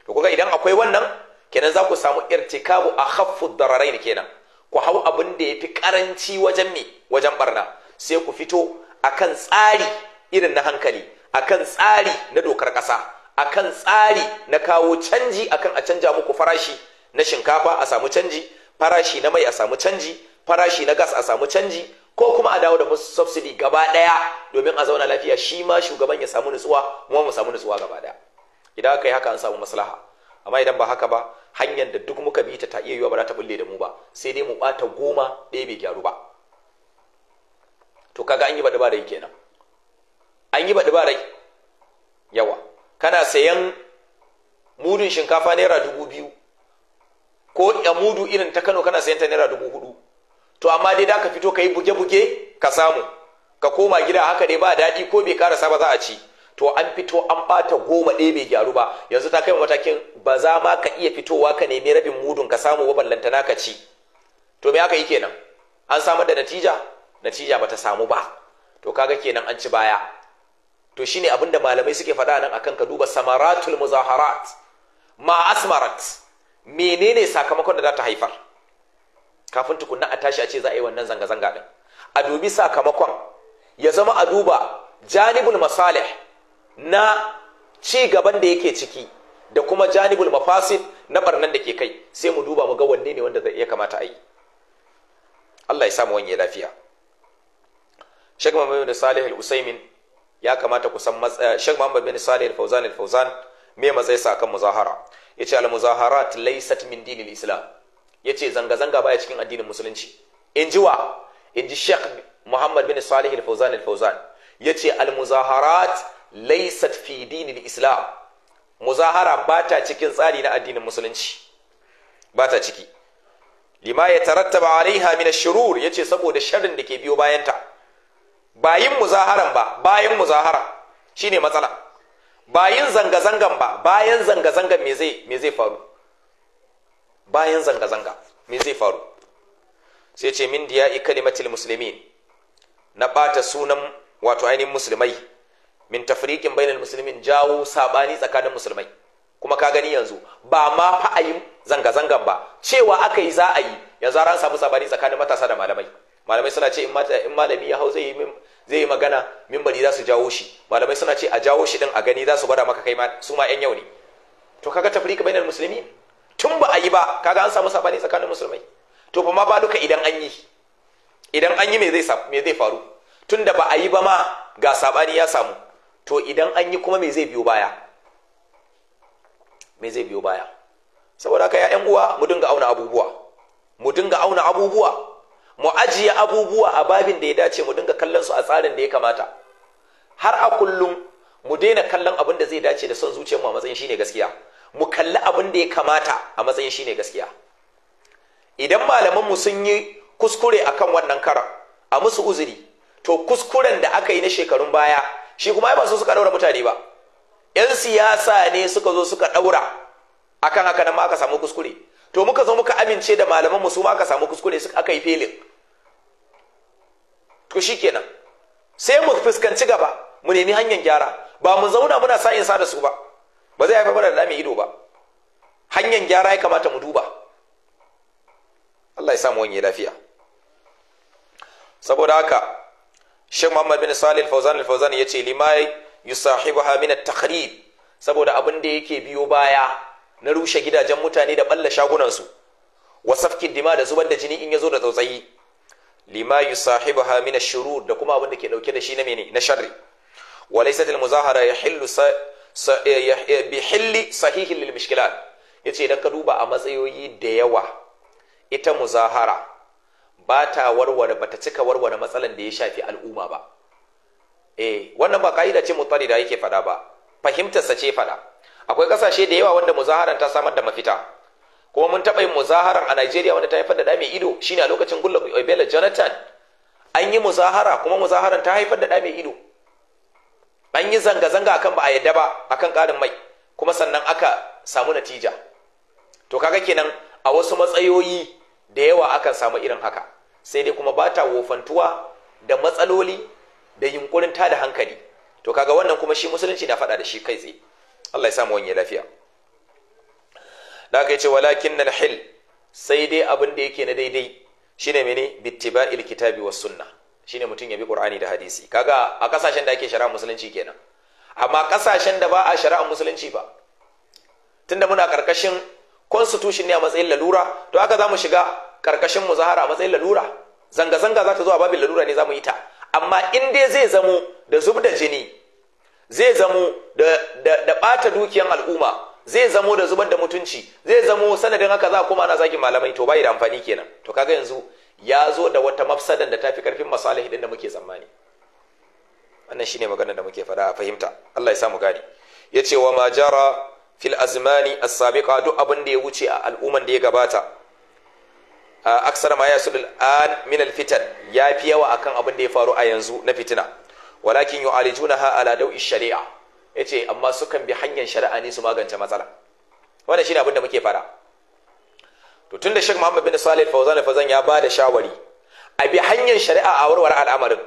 to kuga idan akwai wannan kenan za ku samu irtikabu a khaffu ne kenan ku hau abin da fi karanci wajen me wajen barna sai ku fito akan tsari irin na hankali akan tsari na dokar ƙasa, akan tsari na kawo canji akan a canja muku farashi na shinkafa a samu canji farashi na mai a samu canji farashi na gas a samu canji ko kuma a dawo da musu subsidy gaba daya domin a zauna lafiya shi ma shugaban ya samu nutsuwa mu samu nutsuwa gaba daya idan aka yi haka an samu maslaha amma idan ba haka ba hanyar da duk muka bi ta ta iya yiwa ba za ta bulle da mu ba sai dai mu bata goma ɗaya bai gyaru ba to kaga an yi ba dabarai kenan an yi ba dabarai yawa kana sayan mudun shinkafa naira dubu biyu ko ya mudu irin ta kano kana sayan ta naira dubu hudu to amma dai da ka fito ka yi buge-buge ka samu ka koma gida haka dai ba daɗi ko bai karasa ba za a ci to an fito an bata goma ɗaya bai gyaru ba yanzu ta kai matakin ba za ma ka iya fitowa ka nemi rabin mudun ka samu ba ballantana ka ci to me aka yi kenan an samar da natija natija bata samu ba to kaga kenan an ci baya to shine abin da malamai suke faɗa nan akan ka duba samaratul muzaharat ma asmarat menene sakamakon da za ta haifar kafin tukunna a tashi a ce za a yi wannan zanga-zanga din a dubi sakamakon ya zama a duba janibul masalih na ci gaban da yake ciki da kuma janibul mafasid na barnan da ke kai sai mu duba mu ga wanne ne wanda ya kamata a yi Allah ya samu wanye lafiya Sheikh Muhammad bin Salih al usaymin ya kamata ku san Sheikh Muhammad bin Salih al fawzan al fawzan me matsayi sa kan muzahara yace al-muzaharat laysat min dinil Islam yace zanga zanga baya cikin addinin musulunci in ji wa in ji Sheikh Muhammad bin Salih al fawzan al fawzan yace al-muzaharat laysat fi dinil islam muzahara ba ta cikin tsari na addinin musulunci ba ta ciki lima ya tarattaba alaiha min ash-shurur yace saboda sharrin da ke biyo bayanta bayin muzaharan ba bayan muzahara shine matsala bayin zanga zangan ba bayan zanga zangan me zai me zai faru bayan zanga zanga me zai faru sai ce min diya kalimatul muslimin na bata sunan wato ainihin musulmai min tafrikin bainal muslimin jawo sabani tsakanin musulmai kuma ka gani yanzu ba ma fa ayi yi zanga-zangan ba cewa aka yi za a yi yanzu an samu sabani tsakanin matasa da malamai malamai suna ce in malami ya hau zai yi magana mimbari za su jawo shi malamai suna ce a jawo shi din a gani za su gwada maka kai su ma yan yau ne to kaga tafrika bainal musulmi tun ba a yi ba kaga an samu sabani tsakanin musulmai to ba ma ba duka idan an yi idan an yi me zai faru tun da ba a yi ba ma ga sabani ya samu to idan an yi kuma me zai biyo baya me zai biyo baya saboda haka ya'yan uwa mu dinga auna abubuwa mu dinga auna abubuwa mu ajiye abubuwa a babin da ya dace mu dinga kallon su a tsarin da ya kamata har a kullum mu daina kallon abin da zai dace da son zuciyarmu a matsayin shine gaskiya mu kalli abin da ya kamata a matsayin shine gaskiya idan malaman mu sun yi kuskure akan wannan karan a musu uzuri to kuskuren da aka yi na shekarun baya shi kuma ba su suka daura mutane ba yan siyasa ne suka zo suka daura akan haka nan ma aka samu kuskure to muka zo muka amince da malaman mu su ma aka samu kuskure suka aka yi felin to shikenan sai mu fuskanci gaba mu nemi hanyar gyara ba mu zauna muna sa'in sa da su ba ba zai haifar mana da mai ido ba hanyar gyara ya kamata mu duba Allah ya samu wani lafiya saboda haka Sheikh Muhammad bin Salih Al-Fauzan Al-Fauzan yace lima yusahibuha min at-takhrib saboda abin da yake biyo baya na rushe gidajen mutane da balla shagunan su wa safkin dima da zubar da jini in yazo da tsautsayi lima yusahibuha min ash-shurur da kuma abin da ke dauke da shi na mene na sharri wa laysat al-muzahara yahillu eh, eh, bi hilli sahihin lil mishkilat yace idan ka duba a matsayoyi da yawa ita muzahara ba ta warware ba ta cika warware matsalan da ya shafi al'umma ba eh wannan ba ka'ida ce mutane da yake fada ba fahimtar sa ce fada akwai kasashe da yawa wanda muzaharan ta samar da mafita kuma mun taɓa yin muzaharan a Najeriya wanda ta haifar da dame ido shine a lokacin Goodluck obela Jonathan an yi muzahara kuma muzaharan ta haifar da dame ido an yi zanga-zanga akan ba a yadda ba akan ƙarin mai kuma sannan aka samu natija to kaga kenan a wasu matsayoyi da yawa akan samu irin haka sai dai kuma bata wofantuwa da matsaloli da yunkurin da hankali to kaga wannan kuma shi musulunci na faɗa da shi kai tsaye Allah ya samu wani lafiya da aka ce walakin nan hil sai dai abin da yake na daidai shine mene bittiba'il kitabi was sunna shine mutum ya bi qur'ani da hadisi kaga a kasashen da ake shari'a musulunci kenan amma kasashen da ba a shari'a musulunci ba tunda muna karkashin constitution ne a matsayin lalura to haka zamu shiga karkashin muzahara a matsayin lalura zanga-zanga za ta zo a babin lalura ne za mu yi ta amma in dai zai zamo da zub da jini zai zamo da ɓata dukiyan al'umma zai zamo da zubar da mutunci zai zamo sanadin haka za kuma ana zagin malamai to bai da amfani kenan to kaga yanzu ya zo da wata mafsadan da ta fi karfin masalih din da muke tsammani wannan shine maganar da muke fada a fahimta Allah ya samu gani yace wa ma jara fil azmani as-sabiqa duk abin da ya wuce a al'umman da ya gabata aksar ma yasul an min al fitan fi yawa akan abin da ya faru a yanzu na fitina walakin yu'alijunaha ala daw'i shari'a yace amma sukan bi hanyar shari'a ne su magance matsala wannan shine abin da muke fara to tunda Sheikh Muhammad bin Salih Fawzan fazan ya ba da shawari a bi hanyar shari'a a warware al'amarin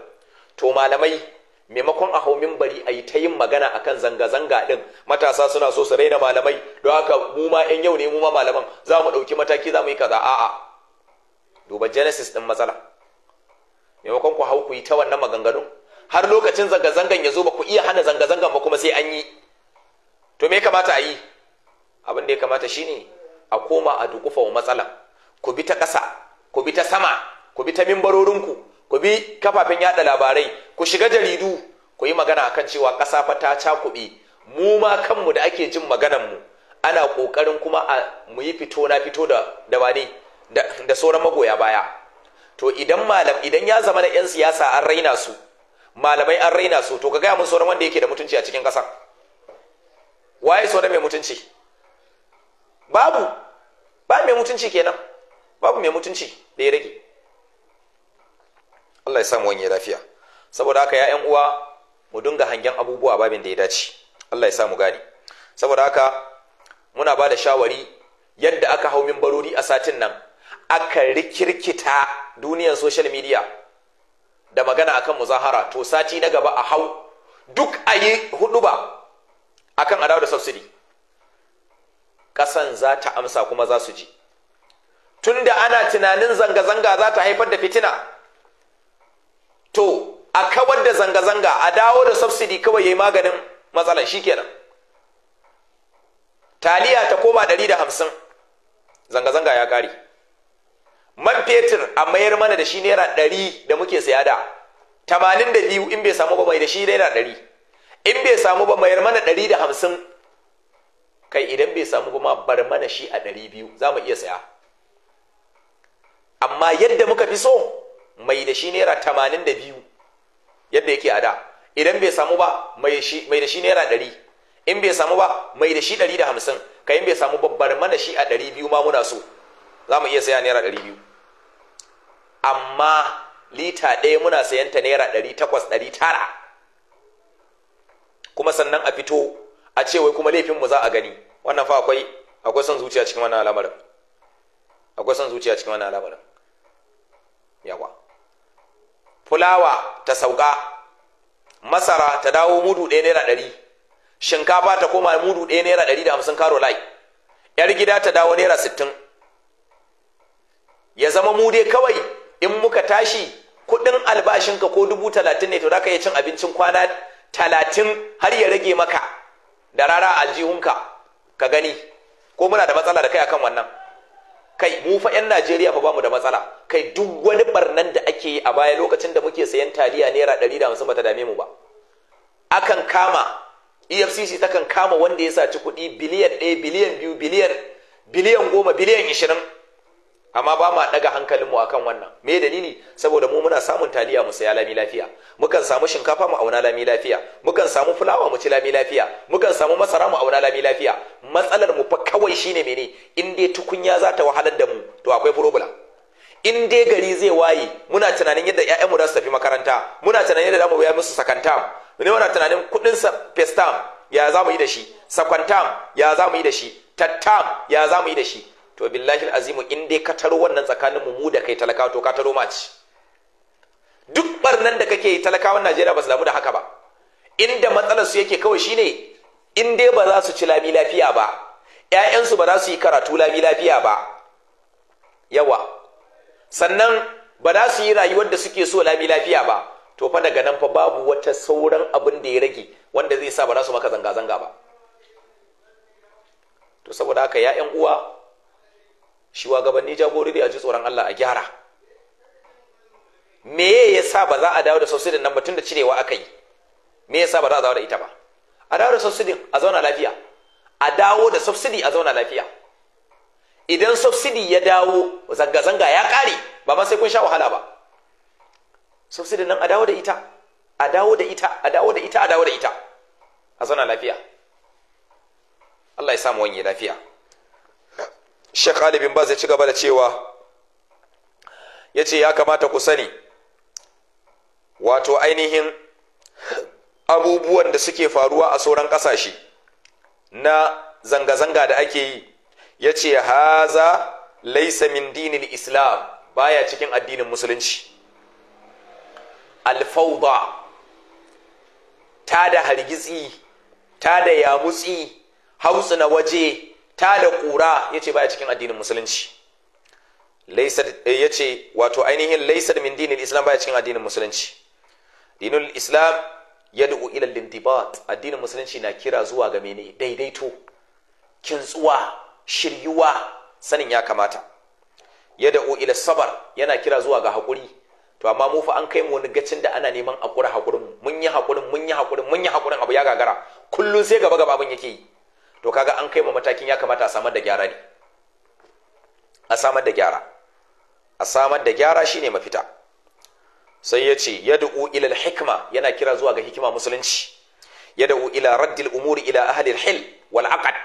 to malamai maimakon a hau bari a yi ta yin magana akan zanga-zanga din matasa suna so su raina malamai don haka mu ma 'yan yau ne mu ma malaman za mu ɗauki mataki za mu yi kaza a'a duba genesis din matsala maimakon ku hau ku yi ta wannan maganganun har lokacin zanga-zangan ya zo ba ku iya hana zanga-zangan ba kuma sai an yi to me kamata a yi abin da ya kamata shine a koma a dukufa wa matsala. ku bi ta ƙasa ku bi ta sama ku bi ta mimbarorinku ku bi kafafen yada labarai ku shiga jaridu ku yi magana akan cewa ƙasa fa ta cakuɓe mu ma kanmu da ake jin maganan mu ana ƙoƙarin kuma a mu yi fito na fito da da da sauran magoya baya to idan malam idan ya zama na yan siyasa an raina su malamai an raina su to ka gaya mun sauran wanda yake da mutunci a cikin ƙasan. waye sauran mai mutunci babu ba mai mutunci kenan babu mai mutunci da ya rage Allah ya samu wani lafiya saboda haka ya uwa mu dinga hangen abubuwa babin da ya dace Allah ya samu gani saboda haka muna ba da shawari yadda aka hau min barori a satin nan aka rikirkita duniyar social media da magana akan muzahara to sati na gaba a hau duk a yi hudu ba akan adawa da subsidy kasan za ta amsa kuma za su ji tunda ana tunanin zanga-zanga za ta haifar da fitina to a kawar da zanga-zanga a dawo da subsidy kawai ya yi maganin matsalan shikenan taliya ta koma 150 zanga-zanga ya kare man fetur a mayar mana da shi naira ɗari da muke saya da tamanin da biyu in bai samu ba mai da shi naira ɗari in bai samu ba mayar mana ɗari da hamsin kai idan bai samu ba ma bar mana shi a ɗari biyu za mu iya saya amma yadda muka fi so mai da shi naira tamanin da biyu yadda yake a da idan bai samu ba mai da shi naira ɗari in bai samu ba mai da shi ɗari da hamsin kai in bai samu ba bar mana shi a ɗari biyu ma muna so za mu iya saya naira ɗari biyu amma lita ɗaya muna sayan ta naira ɗari takwas ɗari tara kuma sannan a fito a ce wai kuma laifinmu za a gani wannan fa akwai akwai son zuciya cikin wannan al'amarin akwai son zuciya cikin wannan al'amarin yawa fulawa ta sauka masara ta dawo mudu ɗaya naira ɗari shinkafa ta koma mudu ɗaya naira ɗari da hamsin karo lai yar gida ta dawo naira sittin ya zama mu dai kawai in muka tashi kudin albashinka ko dubu talatin ne to za ka iya cin abincin kwana talatin har ya rage maka da rara aljihunka ka gani ko muna da matsala da kai akan wannan kai mu fa 'yan najeriya fa bamu da matsala kai duk wani barnan da ake yi a baya lokacin da muke sayan taliya naira ɗari da hamsin bata dame mu ba akan kama efcc takan kama wanda ya saci kuɗi biliyan ɗaya biliyan biyu biliyan biliyan goma biliyan ishirin amma ba ma daga hankalinmu akan wannan me dalili saboda mu muna samun taliya mu saya lami lafiya mukan samu shinkafa mu auna lami lafiya mukan samu fulawa mu ci lami lafiya mukan samu masara mu auna lami lafiya matsalar mu fa kawai shine mene in dai tukunya za ta wahalar da mu to akwai problem in dai gari zai waye muna tunanin yadda ƴaƴanmu za su tafi makaranta muna tunanin yadda zamu biya musu sakanta ne muna tunanin kuɗin festam ya za mu yi da shi sakwantam ya za mu yi da shi tattam ya za mu yi da shi to billahi azimu in dai ka taro wannan tsakanin mu da kai talakawa to ka taro mace duk barnan da kake talakawan Najeriya ba su damu da haka ba inda matsalar su yake kawai shine in dai ba za su ci lami lafiya ba ƴaƴansu ba za su yi karatu lami lafiya ba yawa sannan ba za su yi rayuwar da suke so lami lafiya ba to fa daga nan fa babu wata sauran abin da ya rage wanda zai sa ba za su maka zanga-zanga ba to saboda haka ya'yan uwa shugabanni jagorori a ji tsoron Allah a gyara me ya sa ba za a dawo da subsidin nan batun da cirewa aka yi me ya sa ba za a dawo da ita ba a dawo da subsidin a zauna lafiya a dawo da subsidi a zauna lafiya idan subsidi ya dawo zanga-zanga ya ƙare ba ma sai kun sha wahala ba subsidin nan a dawo da ita a dawo da ita a dawo da ita a dawo da ita a zauna lafiya Allah ya samu wani lafiya Sheikh Ali bin Baz ya ci gaba da cewa yace ya kamata ku sani wato ainihin abubuwan da suke faruwa a sauran kasashe na zanga-zanga da ake yi yace haza laysa min dinil islam baya cikin addinin musulunci alfauda ta da hargitsi ta da yamutsi na waje ta da ƙura ya ce baya cikin addinin musulunci eh, ya ce wato ainihin laisar min dinin islam baya cikin addinin musulunci dinul islam ya da'u ilal lindibat addinin musulunci na kira zuwa ga mene daidaito kintsuwa shiryuwa sanin ya kamata ya da'u ila sabar yana kira zuwa ga haƙuri to amma mu fa an kai mu wani gacin da ana neman a ƙura haƙurin mun yi haƙurin mun yi haƙurin mun yi haƙurin abu ya gagara kullum sai gaba gaba abin yake yi to kaga an kai ma matakin ya kamata a samar da gyara ne a samar da gyara a samar da gyara shine mafita sai ya ce yad'u ila hikma yana kira zuwa ga hikima musulunci yad'u ila raddil umuri ila ahli hil wal aqd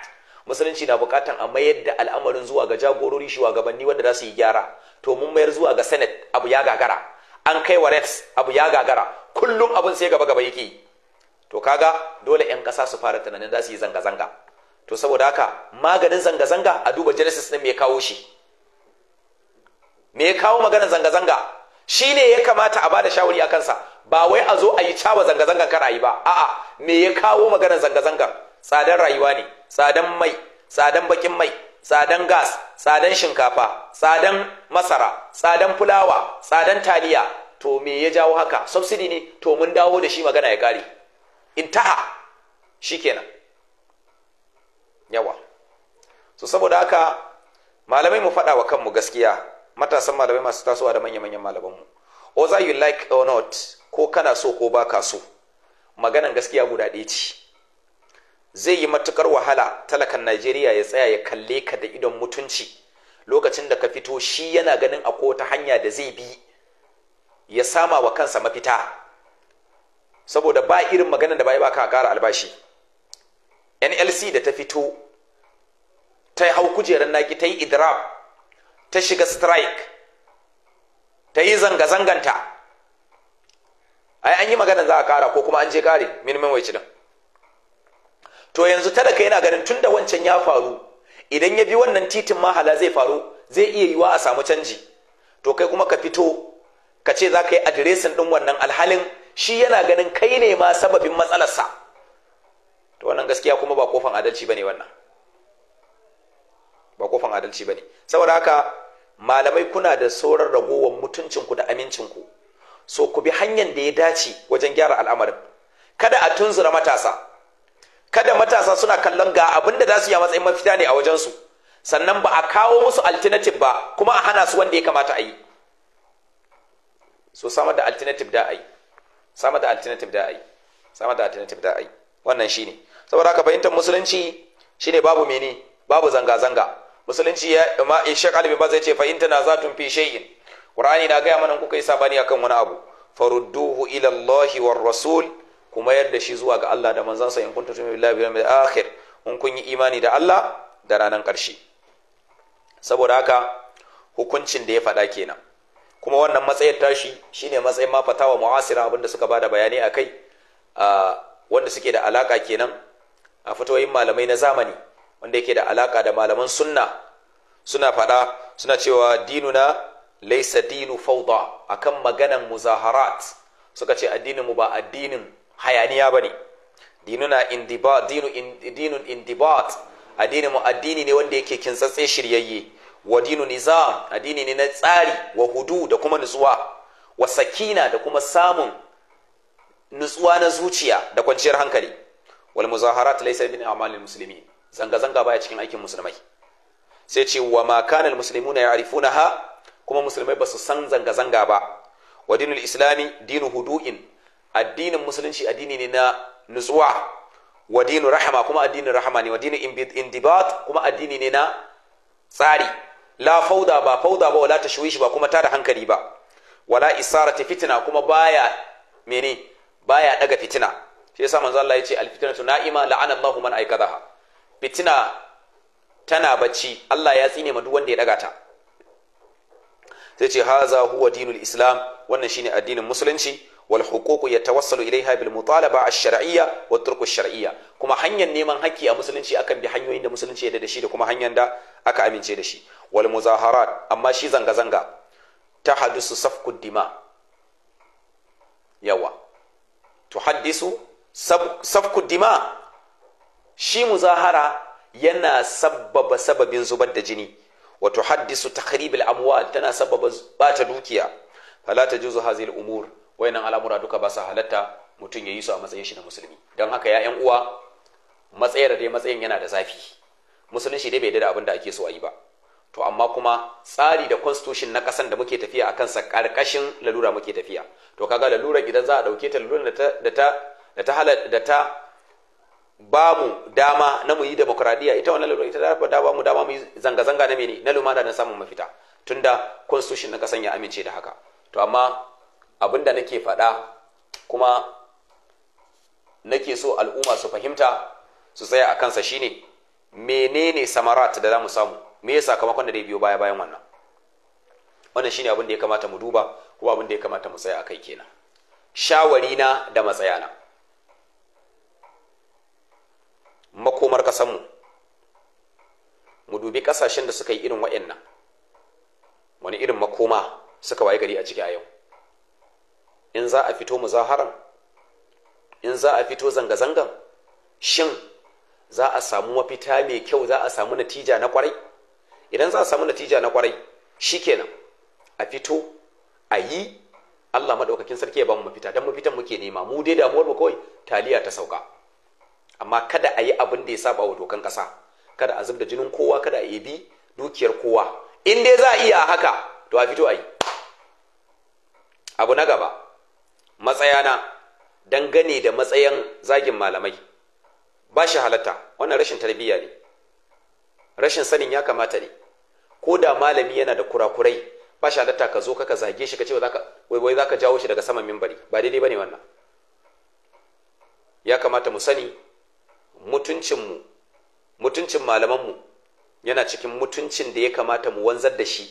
musulunci na bukatan a mayar da al'amarin zuwa ga jagorori shugabanni wanda za su yi gyara to mun mayar zuwa ga senate abu ya gagara an kai wa reps abu ya gagara kullum abun sai gaba gaba yake to kaga dole 'yan ƙasa su fara tunanin za su yi zanga-zanga to saboda haka maganin zanga-zanga a duba genesis din me kawo shi me ya kawo maganar zanga-zanga shine ya kamata a bada shawari a kansa ba wai a zo a yi cawa zanga-zangan kan rayu ba a'a me ya kawo maganar zanga-zangan tsadan rayuwa ne tsadan mai tsadan bakin mai tsadan gas tsadan shinkafa tsadan masara tsadan fulawa tsadan taliya to me ya jawo haka subsidy ne to mun dawo da shi magana ya kare intaha shikenan yawa so saboda haka malamai mu faɗa wa kanmu gaskiya matasan malamai masu tasowa da manya-manyan malamanmu oza you like or not ko kana so ko baka so maganan gaskiya guda ɗaya ce zai yi matukar wahala talakan najeriya ya tsaya ya kalle ka da idon mutunci lokacin da ka fito shi yana ganin a ta hanya da zai bi ya sama wa kansa mafita saboda ba irin maganan da bai baka a ƙara albashi nlc da ta fito ta yi hau kujerar naki ta yi idrab ta shiga strike ta yi zanga-zanganta ai an yi magana za a kara ko kuma an je kare minimum wage din to yanzu talaka yana ganin tun da wancan ya faru idan ya bi wannan titin mahala zai faru zai iya yiwa a samu canji to kai kuma ka fito ka ce za ka yi adiresin ɗin wannan alhalin shi yana ganin kai ne ma sababin matsalarsa to wannan gaskiya kuma ba kofan adalci bane wannan ba kofan adalci bane saboda haka malamai kuna da sauran ragowar mutuncinku da amincinku so ku bi hanyar da ya dace wajen gyara al'amarin kada a tunzura matasa kada matasa suna kallon ga abin da za su yi a matsayin mafita ne a wajen su, sannan ba a kawo musu alternative ba kuma a hana su wanda ya kamata a yi so samar da alternative da a yi samar da alternative da a yi samar da alternative da a yi wannan shine saboda haka fahimtar musulunci shine babu mene babu zanga zanga musulunci ya ma Sheikh Ali ba zai ce fahimta na zatun fi shay'in Qur'ani na gaya mana kuka yi sabani akan wani abu farudduhu ila Allah war rasul kuma yadda shi zuwa ga Allah da sa in kuntum billahi bil yawmil akhir in kun yi imani da Allah da ranar ƙarshe saboda haka hukuncin da ya faɗa kenan kuma wannan matsayin tashi shine matsayin ma fatawa mu'asira abinda suka bada bayani akai ah, wanda suke da alaka kenan a fitoyin malamai na zamani wanda yake da alaka da malaman sunna suna fada, suna cewa dinuna laisa dinu fauda kan maganan muzaharat suka ce addinin mu ba addinin hayaniya bane dinuna indibat dinu dinun indibat addinin mu addini ne wanda yake kintsatse shiryayye wa dinu nizam addini ne na tsari wa hudu da kuma nutsuwa wa sakina da kuma samun nutsuwa na zuciya da kwanciyar hankali wal muzaharat laysa min musulmi muslimin zanga zanga baya cikin aikin musulmai sai ce wa ma kana al muslimuna ya'rifunaha kuma musulmai basu san zanga zanga ba wa dinul islami dinu hudu'in addinin musulunci addini ne na nutsuwa wa dinu rahama kuma addinin rahama ne wa dinu indibat kuma addini ne na tsari la fauda ba fauda ba wala tashwish ba kuma tada hankali ba wala isarati fitina kuma baya mene baya daga fitina shi yasa manzo Allah ya ce alfitnatu na'ima la'ana Allahu man aikadaha fitina tana bacci Allah ya tsine ma duk wanda ya daga ta sai ce haza huwa dinul islam wannan shine addinin musulunci wal huququ yatawassalu ilaiha bil mutalaba ash-shar'iyya wa turku shar'iyya kuma hanyar neman haƙƙi a musulunci akan bi hanyoyin da musulunci ya da shi da kuma hanyar da aka amince da shi wal muzaharat amma shi zanga zanga ta hadisu safkud dima yawa tuhaddisu safku dima shi muzahara yana sababa sababin zubar da jini wato haddisu takhribil amwal tana sababa bata dukiya fala juzu hazil umur wayannan al'amura duka ba sa halatta mutum ya yi su a matsayin shi na musulmi don haka ya yan uwa matsayar dai matsayin yana da zafi musulunci dai bai da abin da ake so a yi ba to amma kuma tsari da constitution na kasan da muke tafiya a kansa karkashin lalura muke tafiya to kaga lalura idan za a dauke ta lalura da ta da ta da ta mu dama na mu yi demokradiya ita wannan lalura ita da ta mu dama mu yi zanga-zanga na mene na lumana na samun mafita tunda constitution na kasan ya amince da haka to amma abin da nake faɗa kuma nake so al'umma su fahimta su tsaya a kansa shine menene samarat da za mu samu me ya sakamakon da zai biyo baya bayan wannan wannan shine abin da ya kamata mu duba ko abin da ya kamata mu tsaya a kai kenan shawari na da matsayana makomar kasar mu dubi ƙasashen da suka yi irin wa'annan wani irin makoma suka waye gari a ciki a yau in za a fito muzaharan in za a fito zanga-zangan shin za a samu mafita mai kyau za a samu natija na kwarai idan za a samu natija na kwarai shi kenan a fito a yi Allah maɗaukakin sarki ya ba mu mafita don mafitan muke nema mu dai damuwar mu kawai taliya ta sauka amma kada a yi abin da ya saba wa dokan ƙasa kada a zub da jinin kowa kada a bi dukiyar kowa in dai za a iya haka to a fito a yi abu na gaba matsayana dangane da matsayin zagin malamai ba shi halatta wannan rashin tarbiyya ne rashin sanin ya kamata ne ko da malami yana da kurakurai ba shi halatta ka zo kaka zage shi ka ce wai za ka jawo shi daga saman mimbari ba daidai ba ne wannan ya kamata mu sani mutuncinmu mutuncin malamanmu yana cikin mutuncin da ya kamata mu wanzar da shi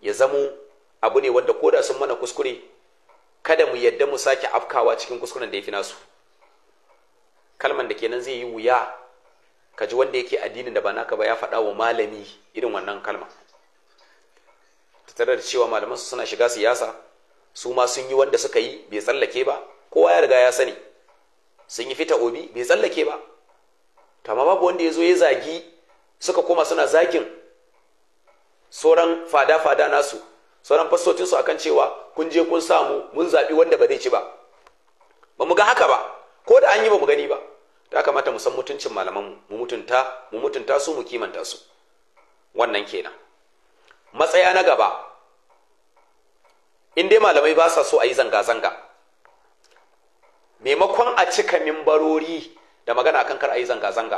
ya zamo abu ne wanda koda sun mana kuskure kada mu yadda mu sake afkawa cikin kuskuren da ya fi nasu kalman da kenan zai yi wuya ka ji wanda yake addinin da ba naka ba ya faɗa wa malami irin wannan kalma tattare da cewa malaman su suna shiga siyasa su ma sun yi wanda suka yi bai tsallake ba kowa ya riga ya sani sun yi fita obi bai tsallake ba to amma babu wanda ya zo ya zagi suka koma suna zagin sauran fada-fada nasu sauran fastocinsu akan cewa kun je kun samu mun zaɓi wanda ba zai ci ba ba mu ga haka ba ko da an yi ba mu gani ba ta kamata mu san mutuncin malaman mu mutunta mu mutunta su mu kimanta su wannan kenan matsaya na gaba in dai malamai ba sa so a yi zanga-zanga maimakon a cika mimbarori da magana akan kar a yi zanga-zanga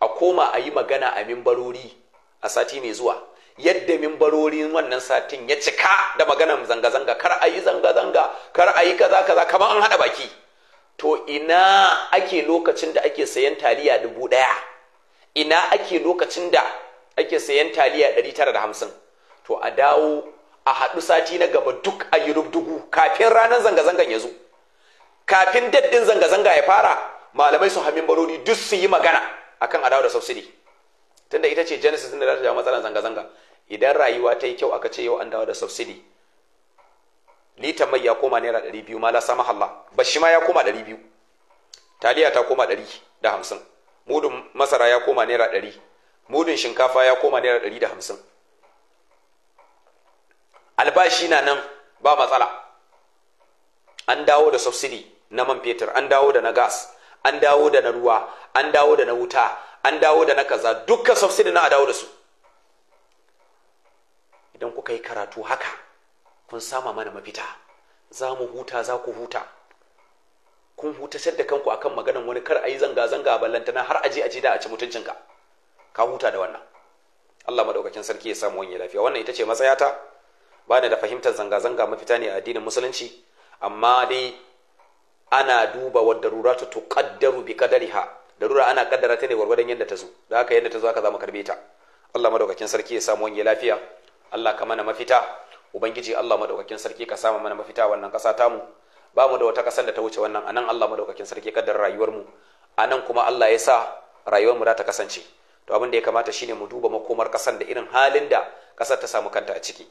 a koma a yi magana a mimbarori a sati mai zuwa yadda mimbarorin wannan satin ya cika da maganan zanga-zanga kar a yi zanga-zanga kar a yi kaza-kaza kamar an haɗa baki to ina ake lokacin da ake sayan taliya dubu ɗaya ina ake lokacin da ake sayan taliya ɗari tara da hamsin to a dawo a haɗu sati na gaba duk a yi rubdugu kafin ranar zanga-zangan ya zo kafin daddin zanga-zanga ya fara malamai su hamin barori duk su yi magana akan adawa da subsidy tunda ita ce genesis da za ta jawo matsalar zanga-zanga idan rayuwa ta yi kyau aka ce yau an dawo da subsidy litan mai ya koma naira ɗari biyu mala sama halla bashi ma ya koma ɗari biyu taliya ta koma ɗari da hamsin mudun masara ya koma naira ɗari mudun shinkafa ya koma naira ɗari da hamsin albashi na nan ba matsala an dawo da subsidy na man fetur an dawo da na gas an dawo da na ruwa an dawo da na wuta an dawo da na kaza dukkan subsidy na a dawo da su idan kuka yi karatu haka kun sama mana mafita za mu huta za ku huta kun hutatar da kanku akan maganan wani kar a yi zanga-zanga ballantana har aje aje da a ci mutuncinka ka huta da wannan Allah madaukakin sarki ya samu wani lafiya wannan ita ce matsayata ba da fahimtar zanga-zanga mafita ne a addinin musulunci amma dai ana duba wadda rura ta tuƙaddaru bi da rura ana kaddara ta ne gwargwadon yadda ta zo da haka yadda ta zo haka za karbe ta Allah madaukakin sarki ya samu wani lafiya Allah ka mana mafita ubangiji Allah madaukakin sarki ka samu mana mafita wannan kasa mu. ba mu da wata kasar da ta wuce wannan anan Allah madaukakin sarki kaddar rayuwar mu anan kuma Allah ya sa rayuwar mu za ta kasance to abin da ya kamata shine mu duba makomar ƙasar da irin halin da ƙasar ta samu kanta a ciki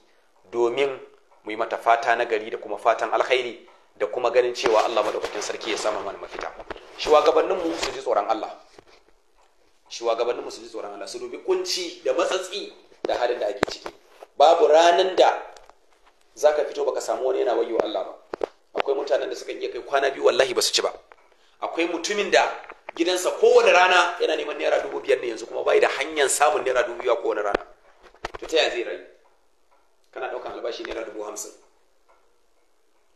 domin mu yi mata fata na gari da kuma fatan alkhairi da kuma ganin cewa Allah madaukakin sarki ya sama mana mafita shugabannin mu su ji tsoron Allah shugabannin mu su ji tsoron Allah su dubi kunci da matsatsi da halin da ake ciki babu ranan da zaka fito baka samu wani yana wayo Allah ba akwai mutanen da suka iya kai kwana biyu wallahi ba ci ba akwai mutumin da gidansa kowane rana yana neman naira dubu biyar ne yanzu kuma bai da hanyar samun naira dubu biyar kowane rana to ta yaya zai rayu kana ɗaukan albashi naira dubu hamsin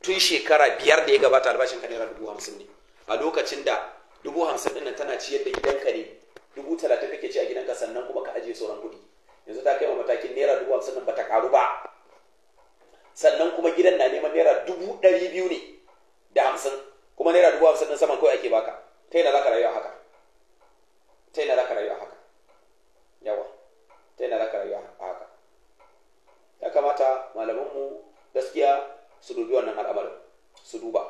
tun shekara biyar da ya gabata albashin ka naira dubu hamsin ne a lokacin da dubu hamsin ɗin tana ciyar da gidanka ne dubu talatin kake ci a gidanka sannan kuma ka ajiye sauran kuɗi yanzu ta kai wa matakin naira dubu hamsin nan bata karu ba sannan kuma gidan na neman naira dubu ɗari biyu ne da hamsin kuma naira dubu hamsin ɗin saman kawai ake baka ta yana za ka rayu a haka ta yana za ka rayu a haka yawa ta yana za ka rayu a haka ya kamata malamanmu gaskiya su dubi wannan al'amarin su duba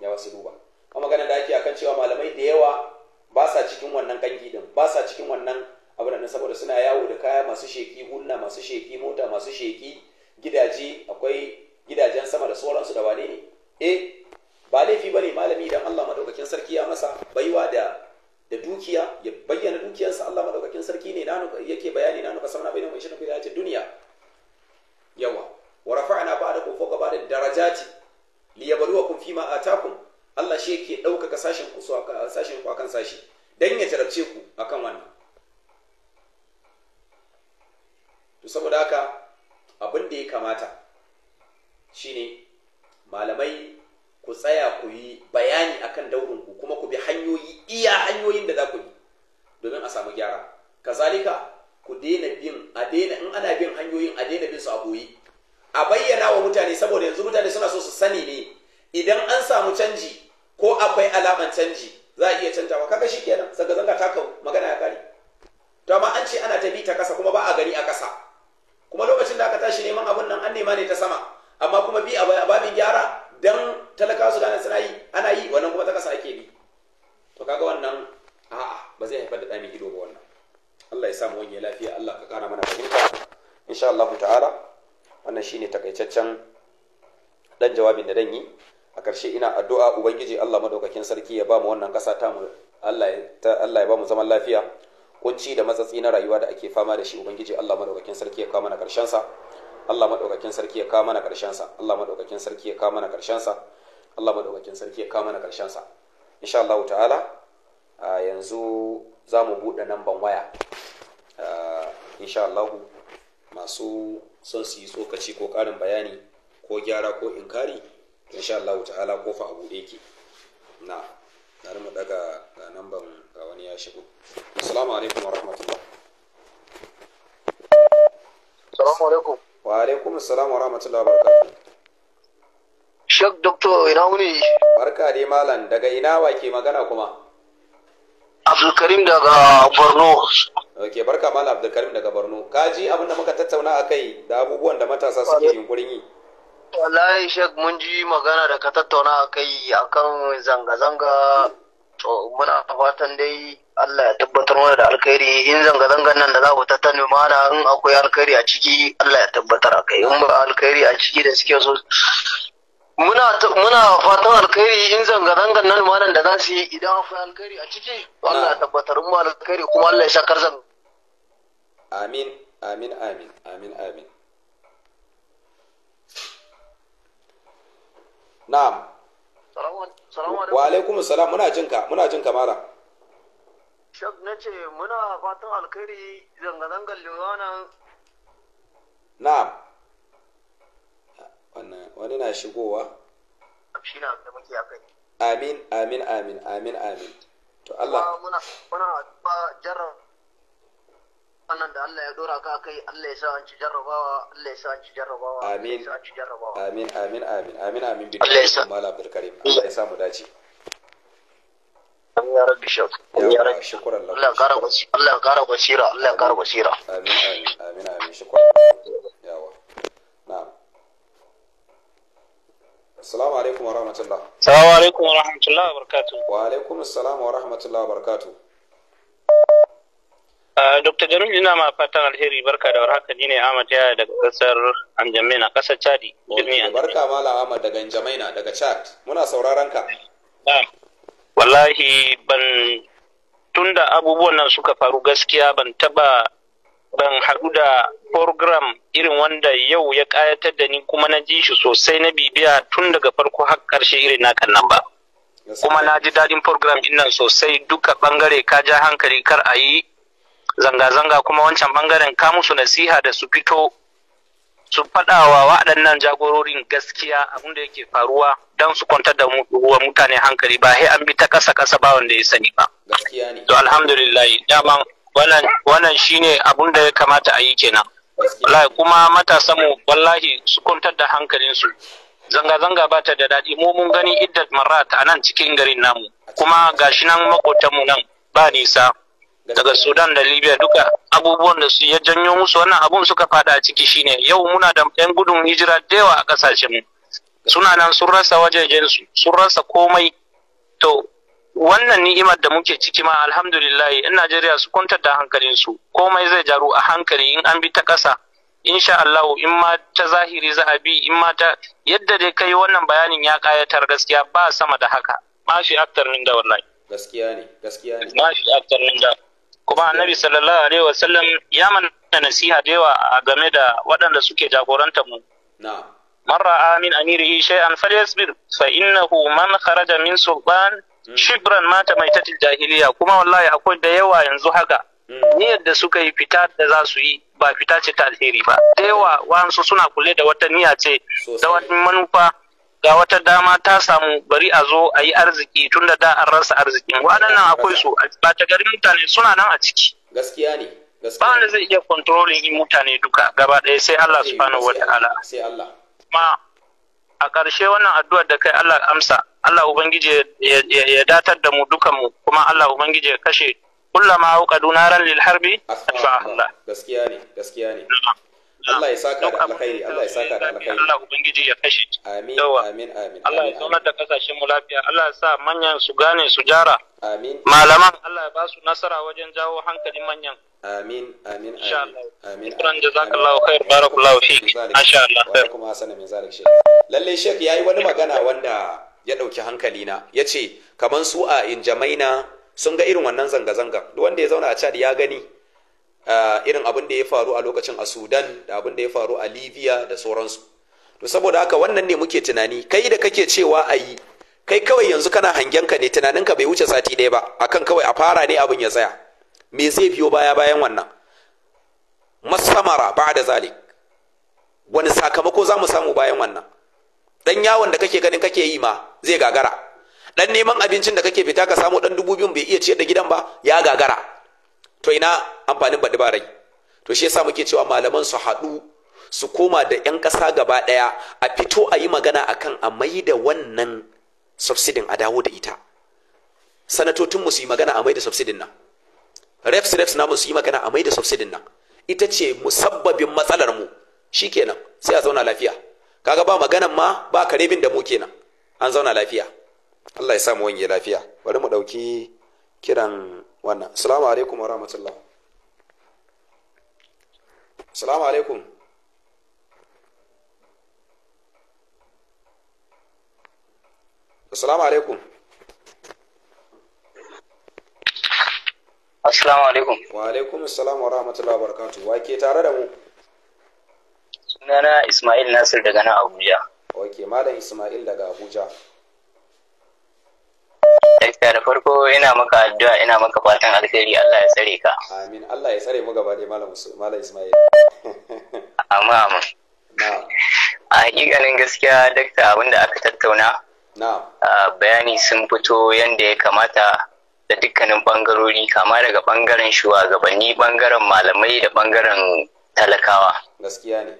yawa su duba a magana da ake akan cewa malamai da yawa ba sa cikin wannan kangi din ba sa cikin wannan abin nan saboda suna yawo da kaya masu sheki hulna masu sheki mota masu sheki gidaje akwai gidajen sama da sauransu da wane ne eh ba laifi bane malami idan Allah madaukakin sarki ya masa baiwa da da dukiya ya bayyana dukiyarsa Allah madaukakin sarki ne nanu yake bayani na nuka samna shi maishin fil hayatid duniya. yawa wa rafa'na ba'dakum fawqa ba'din darajati liyabluwakum ma atakum Allah shi yake ɗaukaka sashen ku sashen ku akan sashi dan ya jarabce ku akan wannan to saboda haka abin da ya kamata shine malamai ku tsaya ku yi bayani akan daurin ku kuma ku bi hanyoyi iya hanyoyin da za ku bi domin a samu gyara kazalika ku daina bin a daina in ana bin hanyoyin a daina bin su a boye a bayyana wa mutane saboda yanzu mutane suna so su sani ne idan an samu canji ko akwai alaman canji za a iya canjawa kaga shi kenan zanga zanga ta kawo magana ya kare to amma an ce ana ta bi ta kasa kuma ba a gani a kasa kuma lokacin da aka tashi neman abun nan an nema ne ta sama amma kuma bi a babin gyara dan talakawa su gane suna yi ana yi wannan kuma ta kasa ake bi to kaga wannan a'a ba zai haifar da ɗami ido ba wannan Allah ya samu wani lafiya Allah ka kara mana fahimta insha Allah ta'ala wannan shine takaitaccen dan jawabin da dan yi a ƙarshe ina addu'a ubangiji Allah madaukakin sarki ya ba mu wannan ƙasa ta mu Allah ya ba mu zaman lafiya kunci da matsatsi na rayuwa da ake fama da shi ubangiji Allah madaukakin sarki ya kawo mana ƙarshen sa Allah madaukakin sarki ya kawo mana ƙarshen sa Allah madaukakin sarki ya kawo mana ƙarshen sa Allah madaukakin sarki ya kawo mana ƙarshen sa insha Allah ta'ala yanzu za mu buɗe namban waya insha Allah masu son su yi tsokaci ko ƙarin bayani ko gyara ko inkari sha Allah ta'ala kofa a buɗe ke na tare mu daga ga nan ban ga wani ya shigo assalamu alaikum wa rahmatullah assalamu alaikum wa alaikum assalam wa rahmatullah wa barakatuh shek doctor ina wuni barka dai malam daga ina wa ke magana kuma abdulkarim daga borno ke barka mala abdulkarim daga borno ka ji abin da muka tattauna a kai da abubuwan da matasa suke yunkurin yi wallahi shek mun ji magana da ka tattauna a kai akan zanga-zanga to muna fatan dai Allah ya tabbatar mana da alkhairi in zanga-zangan nan da za ku tattauna mana in akwai alkhairi a ciki Allah ya tabbatar a kai in ba alkhairi a ciki da suke so muna fatan alkhairi in zanga-zangan nan malam da za su yi idan akwai alkhairi a ciki Allah ya tabbatar mu alkhairi kuma Allah ya shakar zanga amin amin amin amin amin na'am wa alaikum salam muna jin ka muna jin ka mara. shak na ce muna fatan alkhairi zanga-zangar liwanan na'am wani na shigowa shi na da muke akai amin amin amin amin amin to Allah muna muna jarraba wannan da Allah ya dora ka kai Allah ya sa an ci jarrabawa Allah ya sa an ci jarrabawa amin amin amin amin amin amin bi Allah ya sa mala abdulkarim Allah ya sa mu dace ya rabbi shak ya rabbi shukran Allah ya kara basira Allah kara basira Allah kara basira amin amin amin amin shukran yawa na'am assalamu alaikum wa rahmatullah assalamu alaikum wa rahmatullah wa barakatuh wa alaikum assalam wa rahmatullah wa barakatuh Ah, Dr. Jamil ina ma fatan alheri barka da warhaka ni ne Ahmad Yaya daga kasar Anjamena kasar Chadi. Barka Mala Ahmad daga Anjamena daga Chad. Muna sauraron ka. Ah, wallahi ban tunda abubuwan nan suka faru gaskiya ban taba ban haɗu da program irin wanda yau ya ƙayatar da ni kuma na ji shi sosai na bibiya tun daga farko har ƙarshe irin kan nan ba. Kuma na ji daɗin program ɗin nan sosai duka ɓangare ka ja hankali kar a yi zanga-zanga kuma wancan bangaren ka musu nasiha da su fito su faɗawa waɗannan jagororin gaskiya abin da yake faruwa don su kwantar da wa mutane hankali ba sai an bi ta ƙasa ƙasa ba wanda ya sani ba. To alhamdulillah dama wannan shi ne abin da ya kamata a yi kenan. Wallahi kuma matasa mu wallahi su kwantar da hankalinsu. Zanga-zanga ba ta da daɗi mu mun gani iddat marat a nan cikin garin namu kuma gashi nan makotan nan ba nisa. daga Sudan da Libya duka abubuwan da su ya janyo musu wannan abun suka fada a ciki shine yau muna da yan gudun hijira da yawa a kasashen mu suna nan sun rasa wajejen su sun rasa komai to wannan ni'imar da muke ciki ma alhamdulillah in Najeriya su kwantar da hankalin su komai zai jaru a hankali in an bi ta ƙasa insha Allah in ma ta zahiri za a bi in ma ta yadda dai kai wannan bayanin ya kayatar gaskiya ba sama da haka mashi aktar da wallahi gaskiya ne gaskiya ne mashi aktar da kuma annabi sallallahu alaihi wa sallam ya manta nasiha da yawa a game da waɗanda suke jagoranta mu man ra'a min amirihi shay'an falyasbir fa innahu man kharaja min sulban hmm. shibran mata maitatil jahiliya kuma wallahi akwai da yawa yanzu haka hmm. niyyar da suka yi fita da za su yi ba fita ce ta alheri ba da yawa wasu suna kule da wata niyya ce da wata manufa ga wata dama ta samu bari a zo a yi arziki tun da da an rasa arzikin waɗannan akwai su ba ta garin mutane suna nan a ciki gaskiya ne ba wanda zai iya kontrolin yi mutane duka gaba ɗaya sai Allah subhanahu wata ta'ala sai Allah ma a ƙarshe wannan addu'ar da kai Allah amsa Allah ubangiji ya datar da mu dukan mu kuma Allah ubangiji ya kashe kullama auqadu naran lil harbi asfa Allah gaskiya ne gaskiya ne Allah ya saka da alkhairi Allah ya saka da alkhairi Allah ubangiji ya kashe amin amin amin Allah ya zauna da kasashen mu lafiya Allah ya sa manyan su gane su jara amin malaman Allah ya ba su nasara wajen jawo hankalin manyan amin amin amin amin kuran jazakallahu khair barakallahu fik masha Allah khair kuma hasana min zalik shek lalle shek yayi wani magana wanda ya dauki hankali na yace kaman su a injamaina sun ga irin wannan zanga-zanga wanda ya zauna a Chad ya gani Uh, irin abin da ya faru a lokacin a sudan da abin da ya faru a libya da sauransu to saboda haka wannan ne muke tunani kai da kake cewa a yi kai kawai yanzu kana hangen ka ne tunaninka bai wuce sati ɗaya ba akan kawai a fara ne abin ya tsaya me zai biyo baya bayan wannan masamara ba da zalik wani sakamako za mu samu bayan wannan dan yawon da kake ganin kake yi ma zai gagara dan neman abincin da kake fita ka samu dan dubu biyun bai iya ciyar da gidan ba ya gagara to ina amfanin baɗi barai to shi yasa muke cewa malaman su haɗu su koma da 'yan ƙasa gaba ɗaya a fito a yi magana a kan a mai da wannan subsidin a dawo da ita sanatocinmu su yi magana a mai da subsidin nan refs refs na su yi magana a mai da subsidin nan ita ce musabbabin matsalar mu shi kenan sai a zauna lafiya kaga ba maganan ma ba karebin da mu kenan an zauna lafiya Allah ya samu wani lafiya bari mu ɗauki kiran wannan assalamu alaikum wa rahmatullah assalamu alaikum assalamu alaikum assalamu alaikum wa alaikum assalamu wa rahmatullah wa wa ke tare da mu sunana ismail nasir daga na abuja ok malam ismail daga abuja Gaskiya da farko ina maka addu'a ina maka fatan alheri Allah ya tsare ka. Amin Allah ya tsare mu gaba malam malam Ismail. Amma amma. A hakikanin gaskiya dakta abinda aka tattauna. Bayani sun fito yadda ya kamata da dukkanin bangarori kama daga bangaren shugabanni bangaren malamai da bangaren talakawa. Gaskiya ne.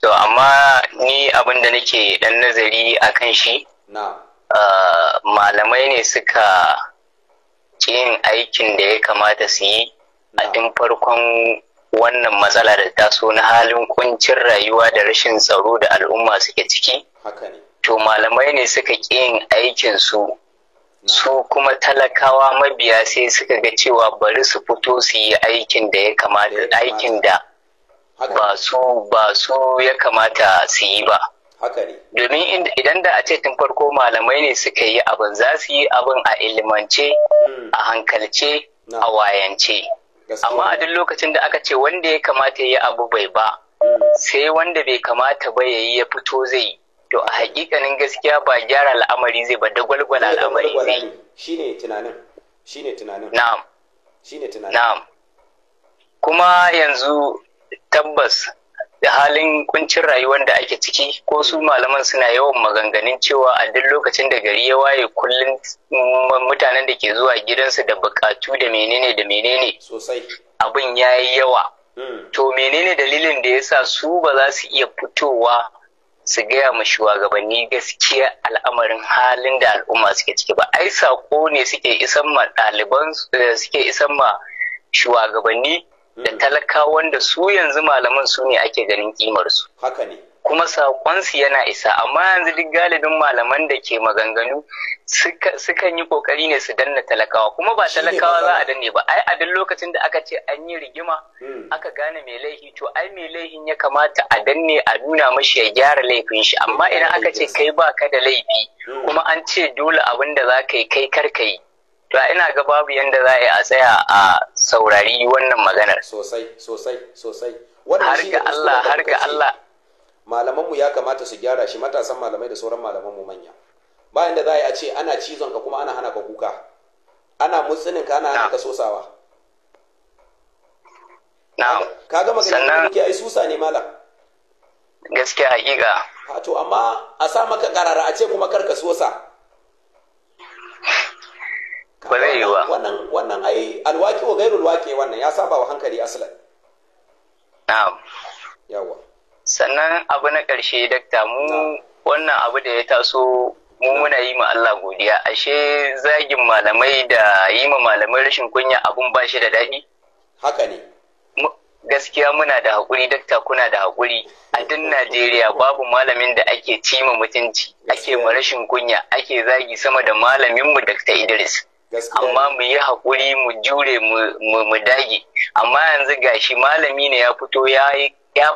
To amma ni abinda nake dan nazari akan shi. Na'am. Ah, malamai ne suka yin aikin da ya kamata su yi a tun farkon wannan matsala da taso na halin kuncin rayuwa da rashin tsaro da al'umma suke ciki to malamai ne suka yin aikin su su kuma talakawa mabiya sai suka ga cewa bari su fito su yi aikin da ya kamata aikin da ba su ya kamata su yi ba haka ne domin idan da a ce tun farko malamai ne suka yi abin za su yi abin a ilimance hmm. a hankalce a wayance amma a duk lokacin da aka ce wanda ya kamata ya yi abu bai ba hmm. sai wanda bai kamata ba ya yi ya fito zai to a hakikanin gaskiya ba gyara al'amari zai ba da gwalgwala al'amari zai shine tunanin tunanin na'am ne tunanin na'am kuma yanzu tabbas da halin kuncin rayuwar da ake ciki ko su malaman suna yawan maganganun cewa a duk lokacin da gari ya waye kullum mutanen da ke zuwa gidansu da bukatu da menene da menene abin ya yi yawa hmm. to menene dalilin da ya sa su ba za su iya fitowa su gaya ma shugabanni gaskiya al'amarin halin da al'umma suke ciki ba ai sako ne suke isan ma ɗaliban eh, suke isan ma shugabanni da talakawa da su yanzu malaman su ne ake ganin kimar haka ne kuma saƙonsu yana isa amma yanzu duk galibin malaman da ke maganganu sukan yi ƙoƙari ne su danna talakawa kuma ba talakawa za a danne ba ai a duk lokacin da aka ce an yi rigima hmm. aka gane mai laifi to ai mai laifin ya kamata a danne a nuna mashi ya gyara laifin shi amma idan aka ce kai ba ka da laifi hmm. kuma an ce dole abin da za ka yi kai kar ka yi to ina ga babu yadda za a tsaya a saurari wannan maganar sosai sosai sosai har ga Allah har ga Allah malamanmu ya kamata su gyara shi matasan malamai da sauran malamanmu manya bayan da za a ce ana cizon ka kuma ana hana ka kuka ana mutsinin ka ana hana ka sosawa na'am ka ga maganar kuke ai susa ne malam gaskiya hakika ha to amma a sa maka karara a ce kuma karka sosa ba zai wannan sannan abu na ƙarshe dakta mu wannan abu da ya taso mu muna yi ma Allah godiya ashe zagin malamai da yi ma malamai rashin kunya abun ba shi da daɗi haka ne gaskiya muna da haƙuri dakta kuna da haƙuri a duk Najeriya babu malamin da ake ci ma mutunci ake ma rashin kunya ake zagi sama da malaminmu dakta Idris amma mu yi haƙuri mu jure mu dage amma yanzu gashi malami ne ya fito ya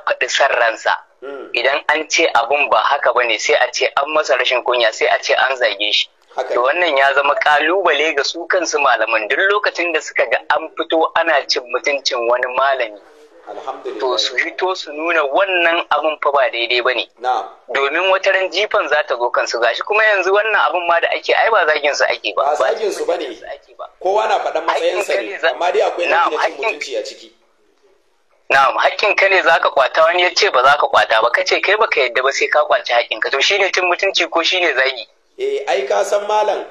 faɗi san ransa hmm. idan an ce abun ba haka ba ne sai a ce an masa rashin kunya sai a ce an zage shi to wannan ya zama kalubale ga su kansu malaman duk lokacin da suka ga an fito ana cin mutuncin wani malami to su fito su nuna wannan abun fa ba daidai ba ne domin wata ran jifan za ta zo kansu gashi kuma yanzu wannan abin ma da ake ai ba zagin su ake ba ba zagin su bane kowa na faɗan matsayinsa ne amma dai akwai na cikin mutunci a ciki na'am hakkin ka ne zaka kwata wani ya ce ba za ka kwata ba kace kai baka yadda ba sai ka kwaci hakkin ka to shine cin mutunci ko shine zagi eh ai ka san malam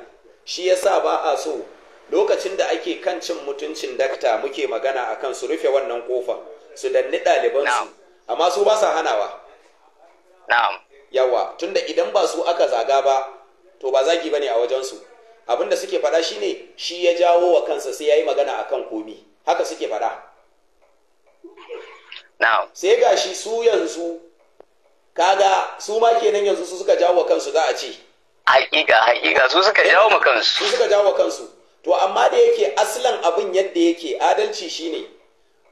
shi yasa ba a so lokacin da ake kan cin mutuncin dakta muke magana akan su rufe wannan kofa su danni ɗalibansu amma su ba sa hanawa yawa tunda idan ba su aka zaga ba to ba zagi bane a wajensu abinda suke faɗa shine shi ya jawo wa kansa sai yayi magana akan komi haka suke faɗa sai ga shi su yanzu kaga su ma kenan yanzu su suka jawo wa kansu za a ce hakika hakika su suka jawo wa kansu su suka jawo kansu to amma da yake aslan abin yadda yake adalci shine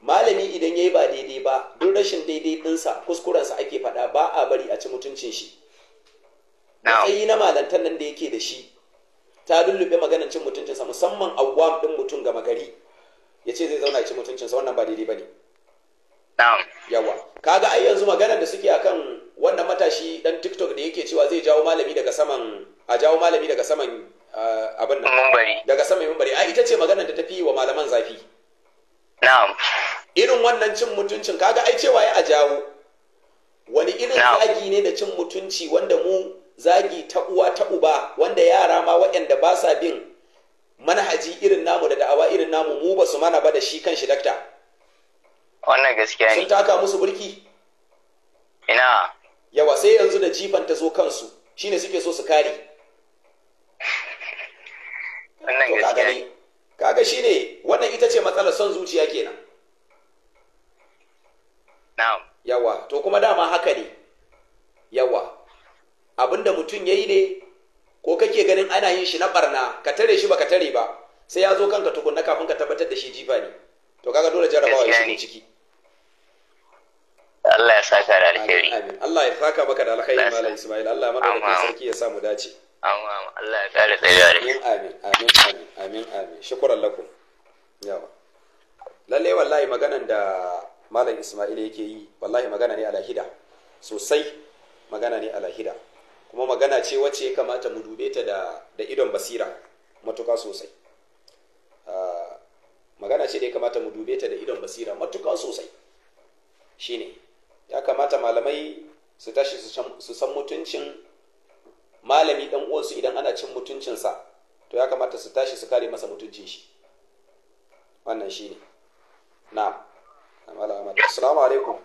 malami idan yayi ba daidai ba duk rashin daidai dinsa kuskurensa ake faɗa ba a bari a ci mutuncin shi matsayi na malantar nan da yake da shi ta lullube maganar cin mutuncinsa musamman awwam din mutum gama gari ya ce zai zauna ci mutuncinsa wannan ba daidai ba ne yawa kaga ai yanzu maganar da suke akan wannan matashi dan tiktok da yake cewa zai jawo malami daga saman a jawo malami daga saman ah, abin nan daga saman mimbari ai ita ce maganar da tafi wa malaman zafi na'am irin wannan cin mutuncin kaga ai cewa ya a jawo wani irin zagi ne da cin mutunci wanda mu zagi ta uwa ta uba wanda yara ma waɗanda ba sa bin manhaji irin namu da da'awa irin namu mu ba su mana ba da shi kan shi dakta wannan gaskiya ne sun taka musu burki ina yawa sai yanzu da jifan ta zo kansu shine suke so su kare wannan gaskiya ne kaga shine wannan ita ce matsalar son zuciya kenan na'am yawa to kuma dama haka ne yawa abinda mutum ya yi ne ko kake ganin ana yin shi na barna ka tare shi ba ka tare ba sai ya zo kanka tukunna kafin ka tabbatar da shi jifa ne to kaga dole jarabawa ya shigo ciki Allah ya saka da alheri amin Allah ya saka baka da alheri malam Ismail Allah ya madaukakin sarki ya sa mu dace Amin. Allah ya kare tsayuwa da amin amin amin amin amin shukran lakum yawa lalle wallahi maganan da malam ismail yake yi wallahi magana ne alahida sosai magana ne alahida kuma magana ce wacce ya kamata mu dube ta da, da idon basira matuka sosai uh, magana ce da ya kamata mu dube ta da idon basira matuka sosai shine ya kamata malamai su tashi su san mutuncin malami dan uwansu idan ana cin mutuncinsa to ya kamata su tashi su kare masa mutuncin shi wannan shine na'am Mala Assalamu alaikum.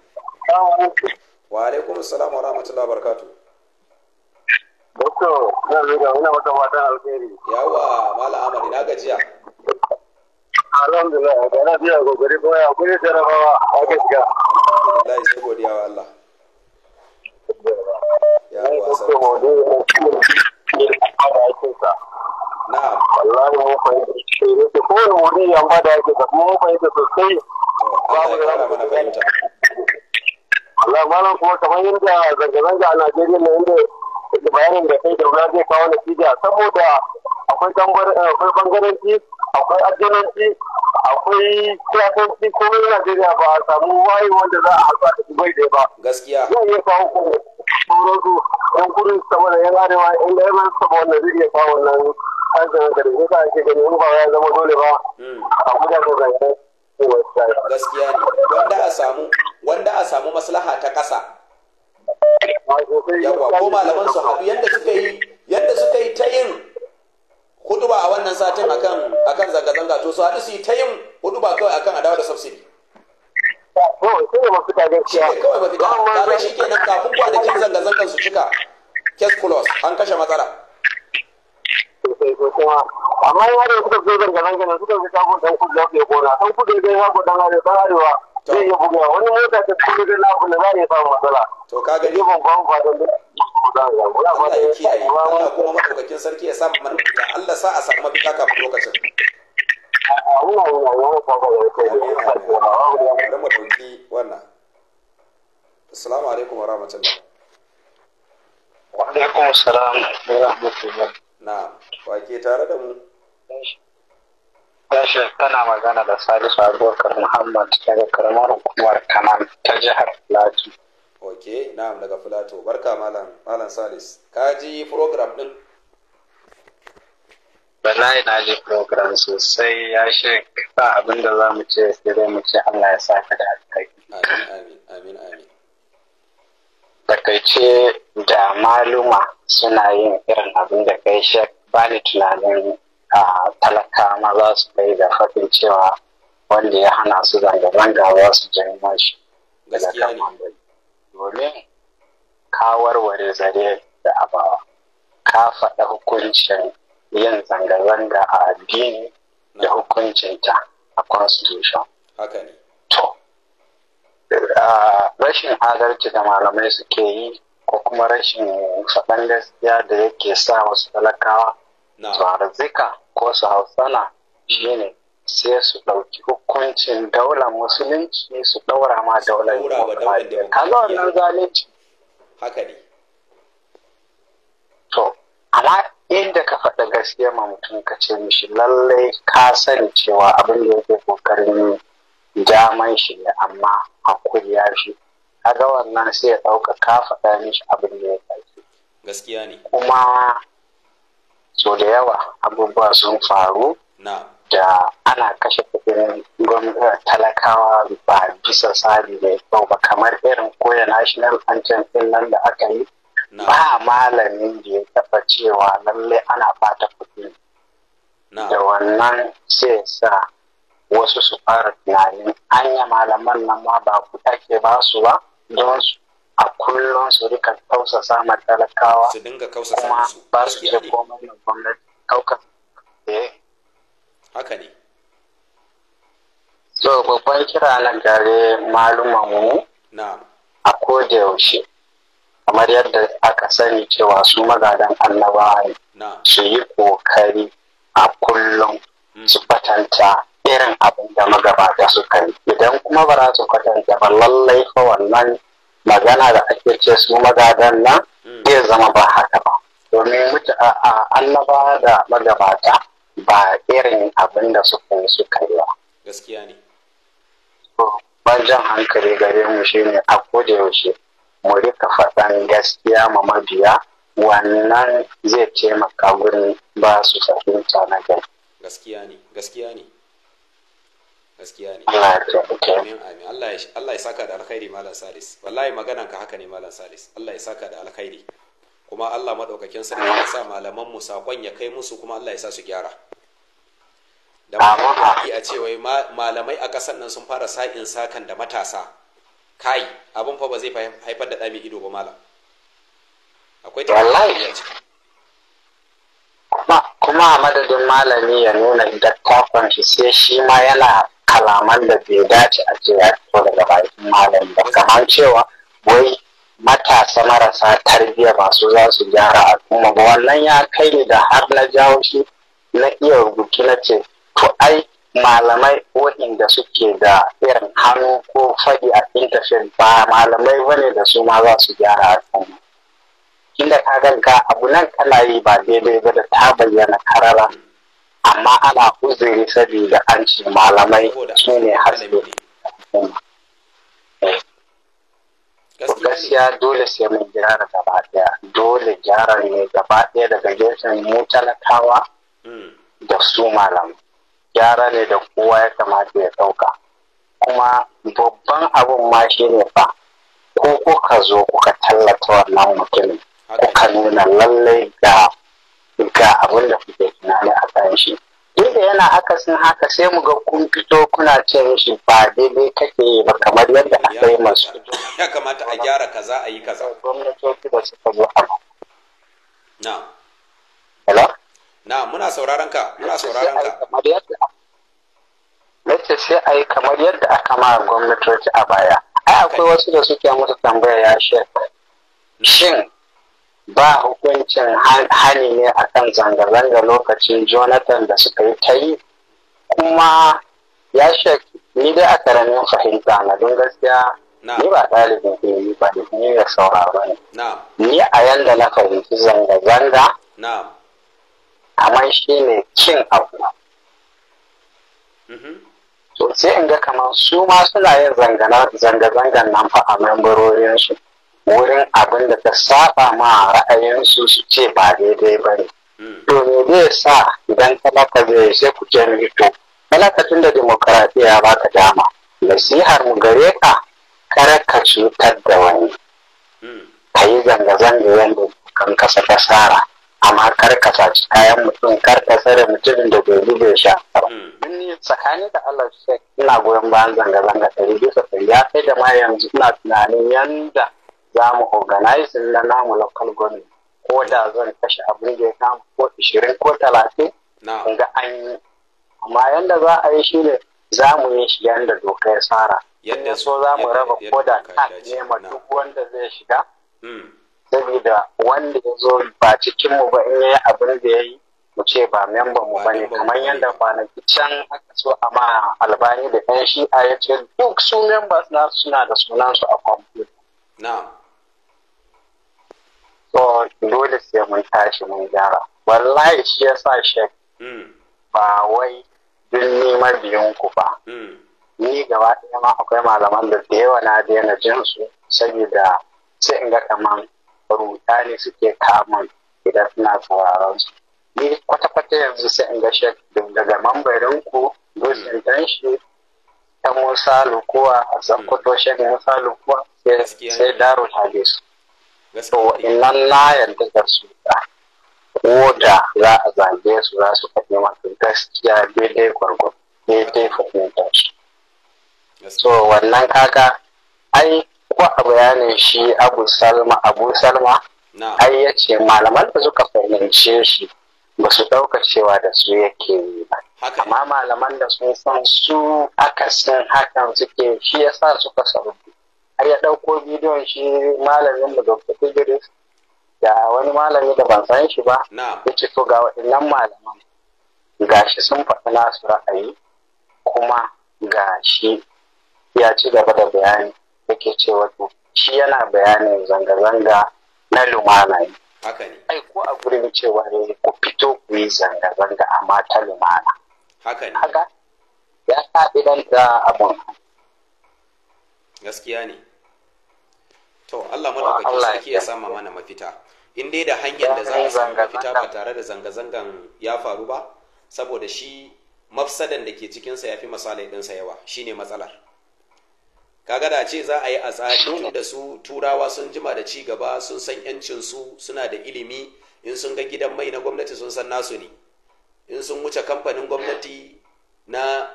Wa alaikum assalam wa rahmatullahi wa barakatuh. Dokto, ina zai ina maka fatan alheri. Yawa, Mala Ahmad ina gajiya. Alhamdulillah, ga na biya gogari ko ya kuri jarabawa a gaskiya. ya sai godiya wa Allah. Yawa, sai. Na'am. Wallahi mun fahimta. Ko wani wuri yamba da da mun fahimta sosai. Labaran kuma kamar yadda zanga-zanga a Najeriya na inda bayanin da kai da zai kawo natija saboda akwai eh, bangaranci akwai ajananci akwai kiyatanci ko wani Najeriya ba a samu waye wanda za a hasa da dubai dai ba. Gaskiya. Zai iya kawo kuma sauransu yan kudu saboda yan arewa yan arewa saboda wanda zai iya kawo wannan hankalin gari. Yasa ake gani ba ya zama dole ba hmm. a gudanar da gaskiya ne wanda a samu wanda a samu maslaha ta ƙasa yawa ko malaman su haɗu yadda suka yi yadda suka yi ta yin huduba a wannan satin akan akan zanga-zanga to su haɗu su yi ta yin huduba kawai akan adawa da subsidy shi ne mafita gaskiya shi ne kawai mafita tare shi kenan kafin kwanakin zanga-zangan su cika case close an kashe matsala sosai ko kuma amma in har suka fito zanga zanga ne suka fita shagon dan kudu ya kona dan kudu ya ga dan arewa ba, arewa zai iya wani mota ta cikin gidan naku ne ba ya samu matsala to ka gani ban ban fatan da Allah ya kiyaye Allah kuma madaukakin sarki ya samu mana mafita Allah sa a samu mafita kafin lokacin assalamu alaikum wa rahmatullah wa alaikum assalam wa rahmatullah na wake tare da mu Sashen tana magana da Salisu Abubakar Muhammad daga karamar hukumar Kanan ta jihar Filato. Ok, na'am daga Filato. Barka malam, malam Salis. Ka ji program bala yi na ji program sosai ya shi ba da za mu ce sai dai mu ce Allah ya sa saka da alkai. Amin, amin, amin, amin. takaice da maluma suna yin irin abin da kai shek ba ni tunanin a talaka ma za su kai da fafin cewa wanda ya hana su zanga-zanga za su shi daga domin ka warware zare da abawa ka faɗa hukuncin yin zanga-zanga a addini da hukuncinta a constitution to Ah, rashin adalci da malamai suke yi ko kuma rashin faɗan gaskiya da yake sa wasu talakawa su arzika ko su hausana mm. ne, sai su ɗauki hukuncin daular musulunci su ɗaura ma daular yi zalunci haka ne to amma inda ka faɗa gaskiya ma mutum ka ce mishi lallai ka sani cewa abin da yake kokarin jaman shi ne amma hakuri ya shi kaga wannan sai ya ɗauka ka faɗa mishi abin da ya ƙarfi gaskiya ne kuma so da yawa abubuwa sun faru da ana kashe kudin gwamnati talakawa ba bisa tsari mai ba kamar irin koya national anthem ɗin nan da aka yi ba malamin da ya taɓa cewa lalle ana bata kudi da wannan sai sa wasu su fara tunani anya malaman nan ma ba ku take ba su ba don su a kullum su rika tausasa ma talakawa su dinga kuma ba su je komai na gwamnati kauka eh. haka ne so babban kira nan gare maluman mu a da yaushe kamar yadda aka sani cewa su magadan annabawa ne su yi kokari a kullum mm. su patanta irin abin da magabata suka yi idan kuma ba su kwatanta ba lallai fa wannan magana da ake ce su magadan nan hmm. zai zama ba haka ba domin mutu a annaba da magabata ba irin abin da suka yi suka yi ba gaskiya ne ban jan hankali gare mu shine a koda yaushe mu rika faɗan gaskiya ma mabiya wannan zai taimaka gurin ba su fahimta na gari gaskiya ne gaskiya ne gaskiya ne amin amin Allah ya Allah ya saka da alkhairi malam Salis wallahi maganan ka haka ne malam Salis Allah ya saka da alkhairi kuma Allah madaukakin sarki ya sa malaman mu sakon ya kai musu kuma Allah ya sa su gyara da mamaki a ce wai malamai a ƙasar nan sun fara sa'in sakan da matasa kai abin fa ba zai haifar da dami ido ba malam akwai ta wallahi kuma a madadin malami ya nuna da takon shi sai shi ma yana kalaman da bai dace a ce ya fito daga bakin malam ba kamar cewa wai matasa marasa tarbiyya masu za su gyara al'umma ba wannan ya kai ni da har na jawo shi na iya rubutu na ce to ai malamai waɗanda suke da irin hannu ko faɗi a intafin ba malamai bane da su ma za su gyara al'umma inda ka ganka abu nan kana yi ba daidai ba da ta bayyana karara amma ana uzuri saboda an ce malamai su ne hasbi gaskiya dole sai mun gyara gaba daya dole gyara ne gaba daya daga gefen mu talakawa hmm. da su malam gyara ne da kowa ya kamata ya dauka kuma babban abun ma shi ne fa ko kuka zo kuka tallata wannan mutumin kuka nuna lallai ga ga abin da kuke tunani a kan shi inda yana akasin haka sai mu ga kun fito kuna ce shi. ba daidai kake yi ba kamar yadda aka yi masu ya kamata a gyara kaza a yi kaza gwamnatoci da suka zo a na na muna sauraron ka muna sauraron ka nace sai a yi kamar yadda aka ma gwamnatoci a baya ai akwai wasu da suke musu tambaya ya shi shin ba hukuncin hani ne akan zanga-zanga lokacin jonathan da suka yi ta yi kuma ya shaki ni dai a karamin fahimta na don gaskiya ni ba ɗalibin ilimi ba da ni da ba ne ni a yanda na fahimci zanga-zanga amma shi ne kin abu mhm. to sai in ga kamar su ma suna yin zanga-zangan nan fa a membarorinsu wurin abin da ta saba ma ra'ayinsu su ce ba daidai ba ne. To me zai sa idan talaka zai sai ku ce rito, talakacin da demokaratiya ba ka dama nasihar mu gare ka kar ka cutar da wani. Ka yi zanga-zanga yadda kan kasa ta tsara, amma kar ka saci kayan mutum kar ka tsare mutumin da bai bai sha. tsakani da Allah ina goyon bayan zanga-zanga ɗari bisa ɗari ya kai da ma yanzu ina tunanin yanda za mu organize na namu local government ko da zan kashe abin da ya kama ko ishirin ko talatin in ga an yi amma yadda za a yi shi ne za mu yi shi yadda doka ya tsara yadda so za mu raba ko da ne nema duk wanda zai shiga hmm. saboda wanda ya zo ba cikin mu ba in yi abin da ya yi mu ce ba memba mu bane kamar yadda kwanaki can aka so a ma albani da yan shi'a ya ce duk su members na suna da sunansu a kwamfuta so dole sai mun tashi mun gyara wallahi shi ya sa shek hmm. ba wai duk ni biyun ku ba hmm. ni gaba ɗaya ma akwai malaman da da yawa na daina jin su saboda sai in ga kaman rubuta ne suke kamun idan suna sauraron su ni kwata-kwata yanzu sai in ga shek daga mambarin ku gusin hmm. dan shi ta musa lukuwa a kwato shek musa lukuwa sai daro tage su to wa'innan na yarda da su ko da za a zage su za su faɗi masu gaskiya daidai gwargwado daidai fahimta su so wannan kaka ai ko a bayanin shi abu salma abu salma ai ya ce malaman da suka fahimce shi ba su ɗauka cewa da su yake yi ba amma malaman da sun san su akasin hakan suke shi yasa suka samu har ya ɗauko bidiyon shi malamin mu Dr. Idris da wani malami da ban san shi ba ya ce to ga waɗannan malaman gashi sun faɗi nasu ra'ayi kuma gashi ya ci gaba da bayani yake cewa to shi yana bayanin zanga-zanga na lumana ne. Ai ko a gurin cewa ne ku fito ku yi zanga-zanga a mata lumana. Haka ya sa idan da abun. Gaskiya ne. to Allah madaukakin sarki ya sama mana mafita in dai da hanyar da za a samu mafita ba tare da zanga-zangan ya faru ba saboda shi mafsadan da ke cikinsa ya fi masalai sa yawa shine matsalar kaga da ce za a yi a tsari da su turawa sun jima da ci gaba sun san yancin su suna da ilimi in sun ga gidan mai na gwamnati sun san nasu ne in sun wuce kamfanin gwamnati na,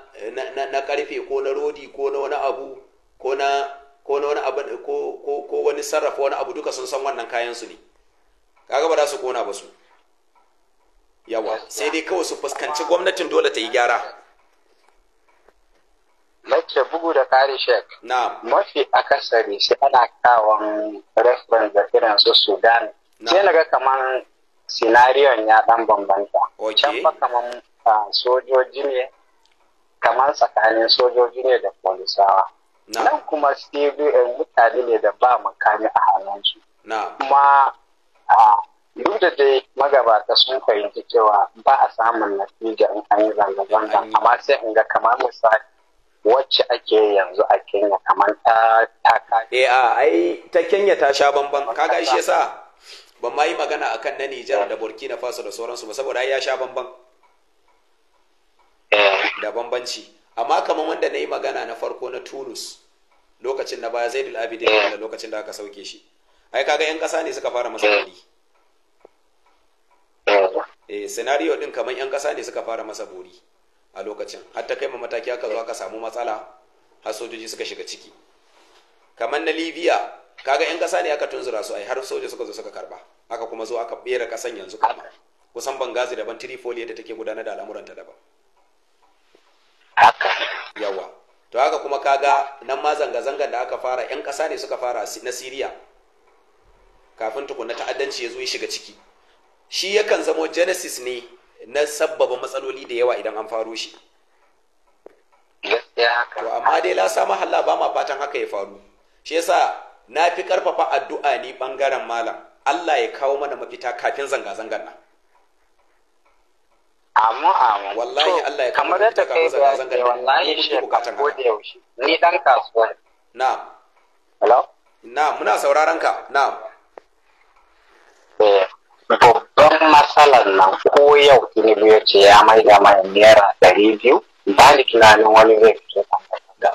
na, karfe ko na rodi ko na wani abu ko na ko wani abu ko ko wani sarrafa wani abu duka sun san wannan kayan su ne kaga ba za su kona ba su yawa sai dai kawai su fuskanci gwamnatin dole ta yi gyara Lacce bugu da kare shek. Na. Mafi akasari sai ana kawon restaurant da irin su Sudan. Sai na ga kamar sinariyon ya dan bambanta. Can ba kamar ah, sojoji ne, kamar tsakanin sojoji ne da polisawa. nan kuma C.V.M mutane ne da ba makami a hannunsu kuma duk da dai magabata sun fahimci cewa ba a samun natija in an yi zanga-zanga amma sai in ga kamar misali wacce ake yanzu a kenya kamar ta taka eh a ai ta kenya ta sha bamban kaga shi yasa ban ma yi magana akan na Nijar da Burkina Faso da sauransu ba saboda ya sha bamban eh. da bambanci amma kamar wanda na yi magana na farko na tunus lokacin na baya zaidul abidin eh. da lokacin da aka sauke shi ai kaga yan kasa ne suka fara masa eh. buri eh. eh scenario din kamar yan kasa ne suka fara masa buri a lokacin har ta kai ma mataki aka zo aka samu matsala har sojoji suka shiga ciki kamar na libya kaga yan kasa ne aka tunzura su ai har soja suka zo suka karba aka kuma zo aka bera kasan yanzu kuma kusan bangazi daban tripoli da take gudanar da al'amuranta daban haka yawa to haka kuma kaga nan ma zanga-zangar da aka fara 'yan ƙasa ne suka fara na siriya kafin tukuna ta'addanci ya zo ya shiga ciki shi yakan zamo genesis ne na sabbaba matsaloli da yawa idan an faro shi to amma dai lasa mahalla ba ma fatan haka ya faru shi yasa na fi karfafa addu'a ni bangaren malam Allah ya kawo mana mafita kafin zanga-zangar nan amma amu ah, wallahi Allah ya kamar yadda kai da zanga wallahi shi ka gode yaushe ni dan kasuwa na'am hello na'am muna sauraron ka na'am eh babban matsalar nan ko yau tinubu ya ce ya mai da mai naira ɗari biyu ba ni tunanin wani zai fito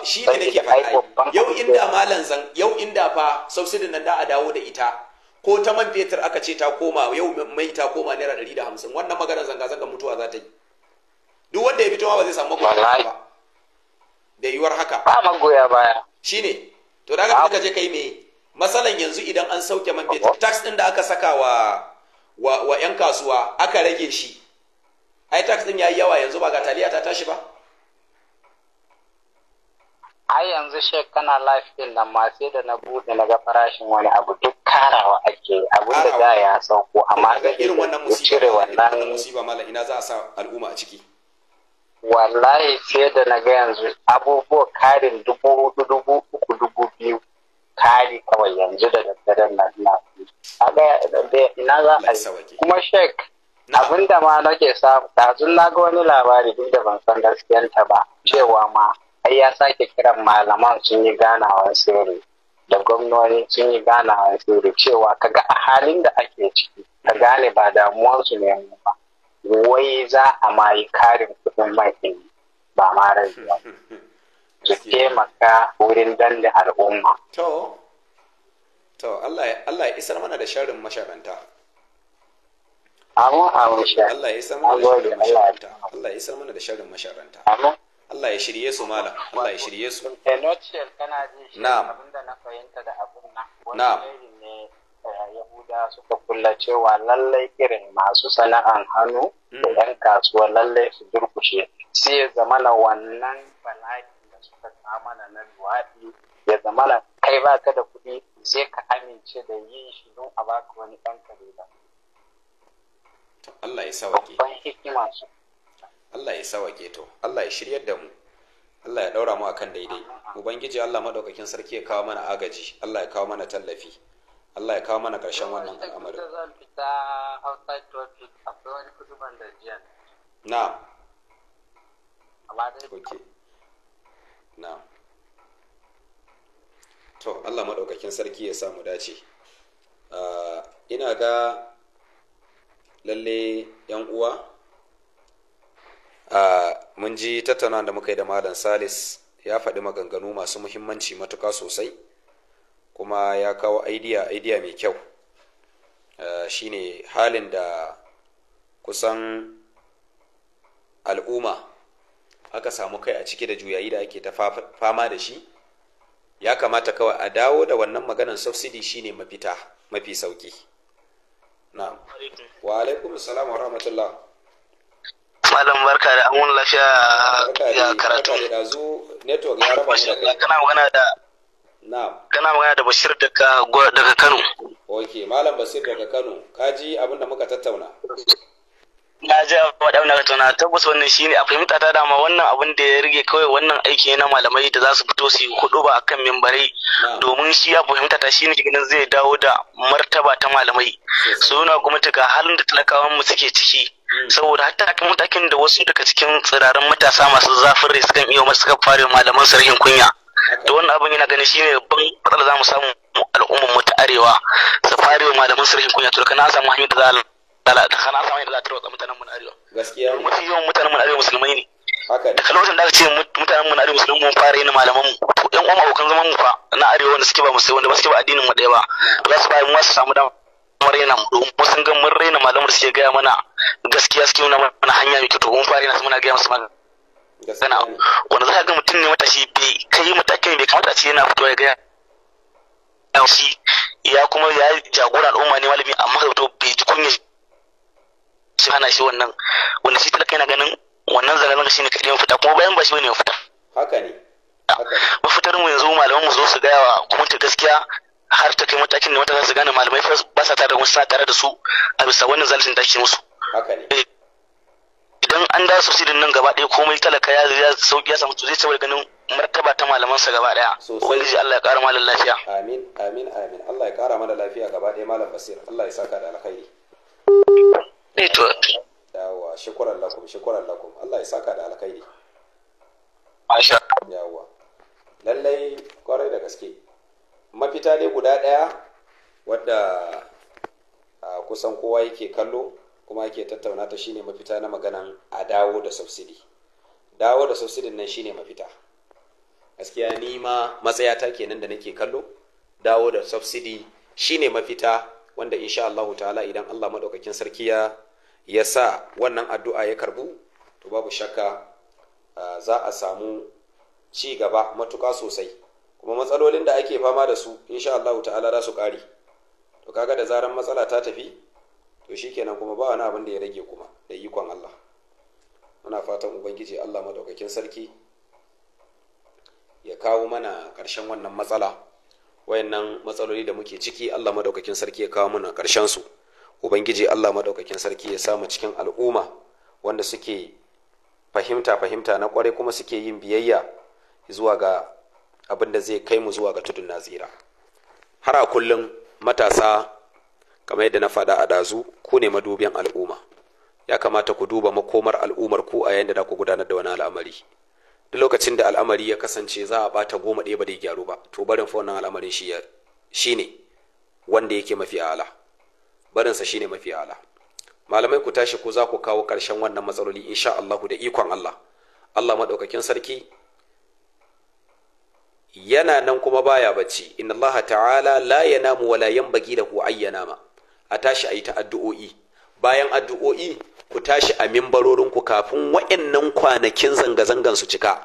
shi ne nake faɗa yau inda malan zan yau inda fa subsidin nan da a dawo da ita ko ta man fetur aka ce ta koma yau mai ta koma naira ɗari da hamsin wannan maganar zanga-zanga mutuwa za ta yi duk wanda ya fito ba zai samu magoya ba da yiwuwar haka ba magoya baya Shi ne. to da aka je kai me masalan yanzu idan an sauke man fetur tax din da aka saka wa wa, yan kasuwa aka rage shi ai tax ya yi yawa yanzu ba ga taliya ta tashi ba har yanzu shek kana lafiyan nan ma sai da na bude na ga farashin wani abu duk karawa ake abu da da ya sauko amma ga irin wannan musiba cire wannan musiba mala ina za a sa al'umma a ciki wallahi sai da na ga yanzu abubuwa karin dubu hudu dubu uku dubu biyu kari kawai yanzu da daddaren nan na aga eh, ina za a yi kuma shek abinda ma nake samu dazun na ga wani labari duk da ban san gaskiyanta ba cewa ma har ya sake kiran malaman sun yi ganawa sirri da gwamnoni sun yi ganawa sirri cewa kaga a halin da ake ciki ka gane ba damuwarsu ne ba wai za a ma yi karin kudin mai ba ma rajuwa su taimaka wurin danne al'umma to to Allah ya isar mana da sharrin masharanta amma a Allah ya isar mana da sharrin masharanta Allah ya isar mana da sharrin masharanta amma Allah ya shirye su malam Allah ya shirye su eh, na'am abinda na fahimta da abun nan wani ne eh, Yahuda suka kulla cewa lallai irin masu sana'an hannu da 'yan hmm. kasuwa lallai su durkushe sai ya zamana wannan bala'i da suka samana na luwaɗi ya zamana kai ba ka da kuɗi sai ka amince da yin shi don a baka wani ɗan ba Allah ya sauke. Babban hikima su. Allah ya sawake to Allah ya shiryar da mu Allah ya daura mu akan daidai ubangiji Allah madaukakin sarki ya kawo mana agaji Allah ya kawo mana tallafi Allah ya kawo mana karshen wannan al'amarin Na. Na. to Allah madaukakin sarki ya samu dace ah, ina ga lalle yan uwa mun ji tattaunawa da muka yi da malam salis ya faɗi maganganu masu muhimmanci matuka sosai kuma ya kawo aidiya aidiya mai kyau shine halin da kusan al'umma aka samu kai a ciki da juyayi da ake ta fama da shi ya kamata kawai a dawo da wannan maganan subsidy shine mafita mafi sauki na'am wa alaikumussalam wa rahmatullah malam barka da amun lafiya ya karatu kana magana da kana magana da bashir daga daga kano ok malam bashir daga kano kaji abinda muka tattauna na ji waɗanda ka tuna tabbas wannan shine a fahimta ta dama wannan abin da ya rige kawai wannan aiki na malamai da za su fito su yi hudu ba akan mimbarai, domin shi ya fahimta ta shine ganin zai dawo da martaba ta malamai suna gwamnati ga halin da talakawan mu suke ciki saboda hatta akan matakin da wasu daga cikin tsirarin matasa masu zafin rai sukan iya masu suka fare malaman sarkin kunya da wannan abin yana gani shine babban matsala za mu samu al'ummar mu ta arewa su fare malaman sarkin kunya to kana samu hanyar da za a da kana samu hanyar da za a tarwatsa mutanen mu na arewa gaskiya mutum yawan mutanen mu na arewa musulmai ne da lokacin da aka ce mutanen mu na arewa musulmai mun fara yin malaman mu to yan uwan abokan zaman mu fa na arewa wanda suke ba musulmi wanda ba suke ba addinin mu ɗaya ba za su fara mu su samu dama raina mu sun ga mun raina malamar suke gaya mana gaskiya suke nuna mana hanya mai kyau to mun fara yana muna gaya musu magana wanda za ka ga mutum ne matashi bai kai matakin bai kamata a ce yana fito ya gaya shi ya kuma ya jagora al'umma ne malami amma ka fito bai ji kunya shi hana shi wannan wanda shi talaka yana ganin wannan zanen shi ne kaɗai mafita kuma bayan ba shi ne mafita haka ne mafitar mu yanzu malaman mu zo su gaya wa gwamnati gaskiya har ta kai matakin da matasa su gane malamai fa ba sa tare da wasu tare da su a bisa wannan zalincin da ake musu eh, idan an da subsidin nan gaba ɗaya komai talaka ya ya sauki ya samu zai saboda ganin martaba ta malaman sa gaba ɗaya ubangiji Allah ya ƙara malam lafiya amin amin amin Allah ya ƙara mana lafiya gaba ɗaya malam basir Allah ya saka da alkhairi eh to yawa shukran lakum shukran lakum Allah ya saka da alkhairi masha yawa lallai kwarai da gaske mafita dai guda ɗaya wadda kusan kowa yake kallo kuma yake tattauna ta shine mafita na maganan a dawo da subsidi dawo da subsidin nan shine mafita gaskiya ni ma matsayata kenan da nake kallo dawo da subsidi shine mafita wanda insha Allahu ta'ala idan Allah madaukakin sarki ya sa wannan addu'a ya karbu to babu shakka za a samu ci gaba matuka sosai kuma matsalolin da ake fama da su insha Allah ta'ala za su kare. to kaga da zaran matsala ta tafi to shikenan kuma ba wani abin da ya rage kuma da ikon Allah muna fatan ubangiji Allah madaukakin sarki ya kawo mana karshen wannan matsala wayannan matsaloli da muke ciki Allah madaukakin sarki ya kawo mana karshen su ubangiji Allah madaukakin sarki ya samu cikin al'umma wanda suke fahimta fahimta na kware kuma suke yin biyayya zuwa ga abin da zai kai mu zuwa ga tudun nazira har a kullum matasa kamar yadda na faɗa a dazu ku ne madubin al'umma ya kamata ku duba makomar al'ummar ku a yayin da ku gudanar da wani al'amari duk lokacin da al'amari ya kasance za a bata goma ɗaya ba da gyaru ba to barin fa wannan al'amarin shi shi ne wanda yake mafi ala barinsa shi ne mafi ala malamai ku tashi ku za ku kawo ƙarshen wannan matsaloli insha Allahu da ikon Allah Allah maɗaukakin sarki yana nan kuma baya bacci inna Allah ta'ala la yanamu wala yanbaghi lahu ayyanama a tashi ayi ta addu'o'i bayan addu'o'i ku tashi a mimbarorin ku kafin wayannan kwanakin zanga zangan su cika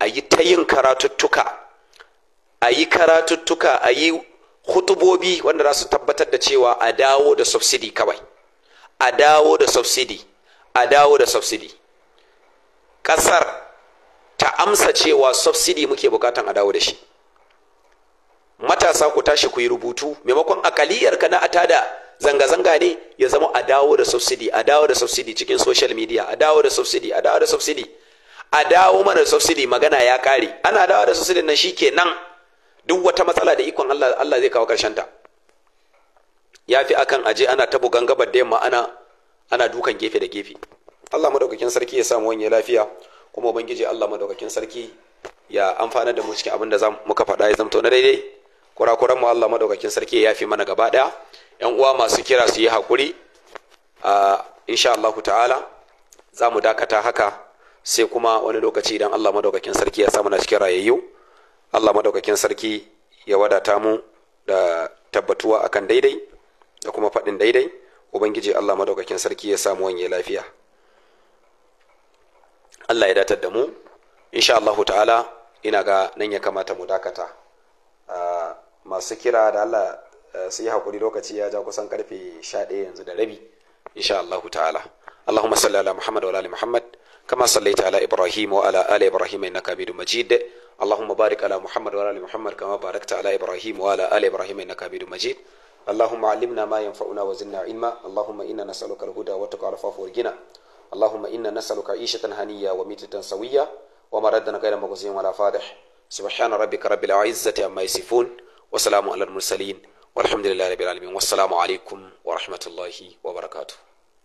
ayi ta yin karatuttuka ayi karatuttuka ayi hutubobi wanda za su tabbatar da cewa a dawo da subsidy kawai a dawo da subsidy a dawo da subsidy kasar ta amsa cewa subsidy muke bukatan a dawo da shi matasa ku tashi ku yi rubutu maimakon akaliyar ka na atada zanga-zanga ne ya zama a dawo da subsidy a dawo da subsidy cikin social media a dawo da subsidy a dawo da subsidy a dawo mana magana ya kare ana dawo da subsidy nan nan duk wata matsala da ikon Allah Allah zai kawo karshen ta Ya yafi akan aje ana ta buga gabar da yamma ana ana dukan gefe da gefe Allah madaukakin sarki ya samu wani lafiya kuma ubangiji Allah madaukakin sarki ya amfana da mu cikin abin da muka faɗa ya zamto na daidai kurakuran mu Allah madaukakin sarki ya yafi mana gaba ɗaya yan uwa masu kira su yi hakuri a insha Allah ta'ala za mu dakata haka sai kuma wani lokaci idan Allah madaukakin sarki ya samu na cikin rayayyu Allah madaukakin sarki ya wadata mu da tabbatuwa akan daidai da kuma faɗin daidai ubangiji Allah madaukakin sarki ya samu wanye lafiya Allah ya datar da mu insha Allahu ta'ala ina ga nan ya kamata mu dakata ah, masu kira da Allah eh, su yi hakuri lokaci ya ja kusan karfe 11 yanzu da rabi insha Allahu ta'ala Allahumma salli ala Muhammad wa ala Muhammad kama sallaita ala Ibrahim wa ala ali Ibrahim innaka Hamidum Majid اللهم ala على ala ala ال محمد كما باركت على ابراهيم ala ال ابراهيم انك حميد مجيد اللهم علمنا ما ينفعنا وزدنا علما اللهم انا نسالك الهدى والتقى والعفاف والغنى اللهم إنا نسألك عيشة هنية وميتة سوية ومردنا غير مغزي ولا فادح سبحان ربك رب العزة عما يصفون وسلام على المرسلين والحمد لله رب العالمين والسلام عليكم ورحمة الله وبركاته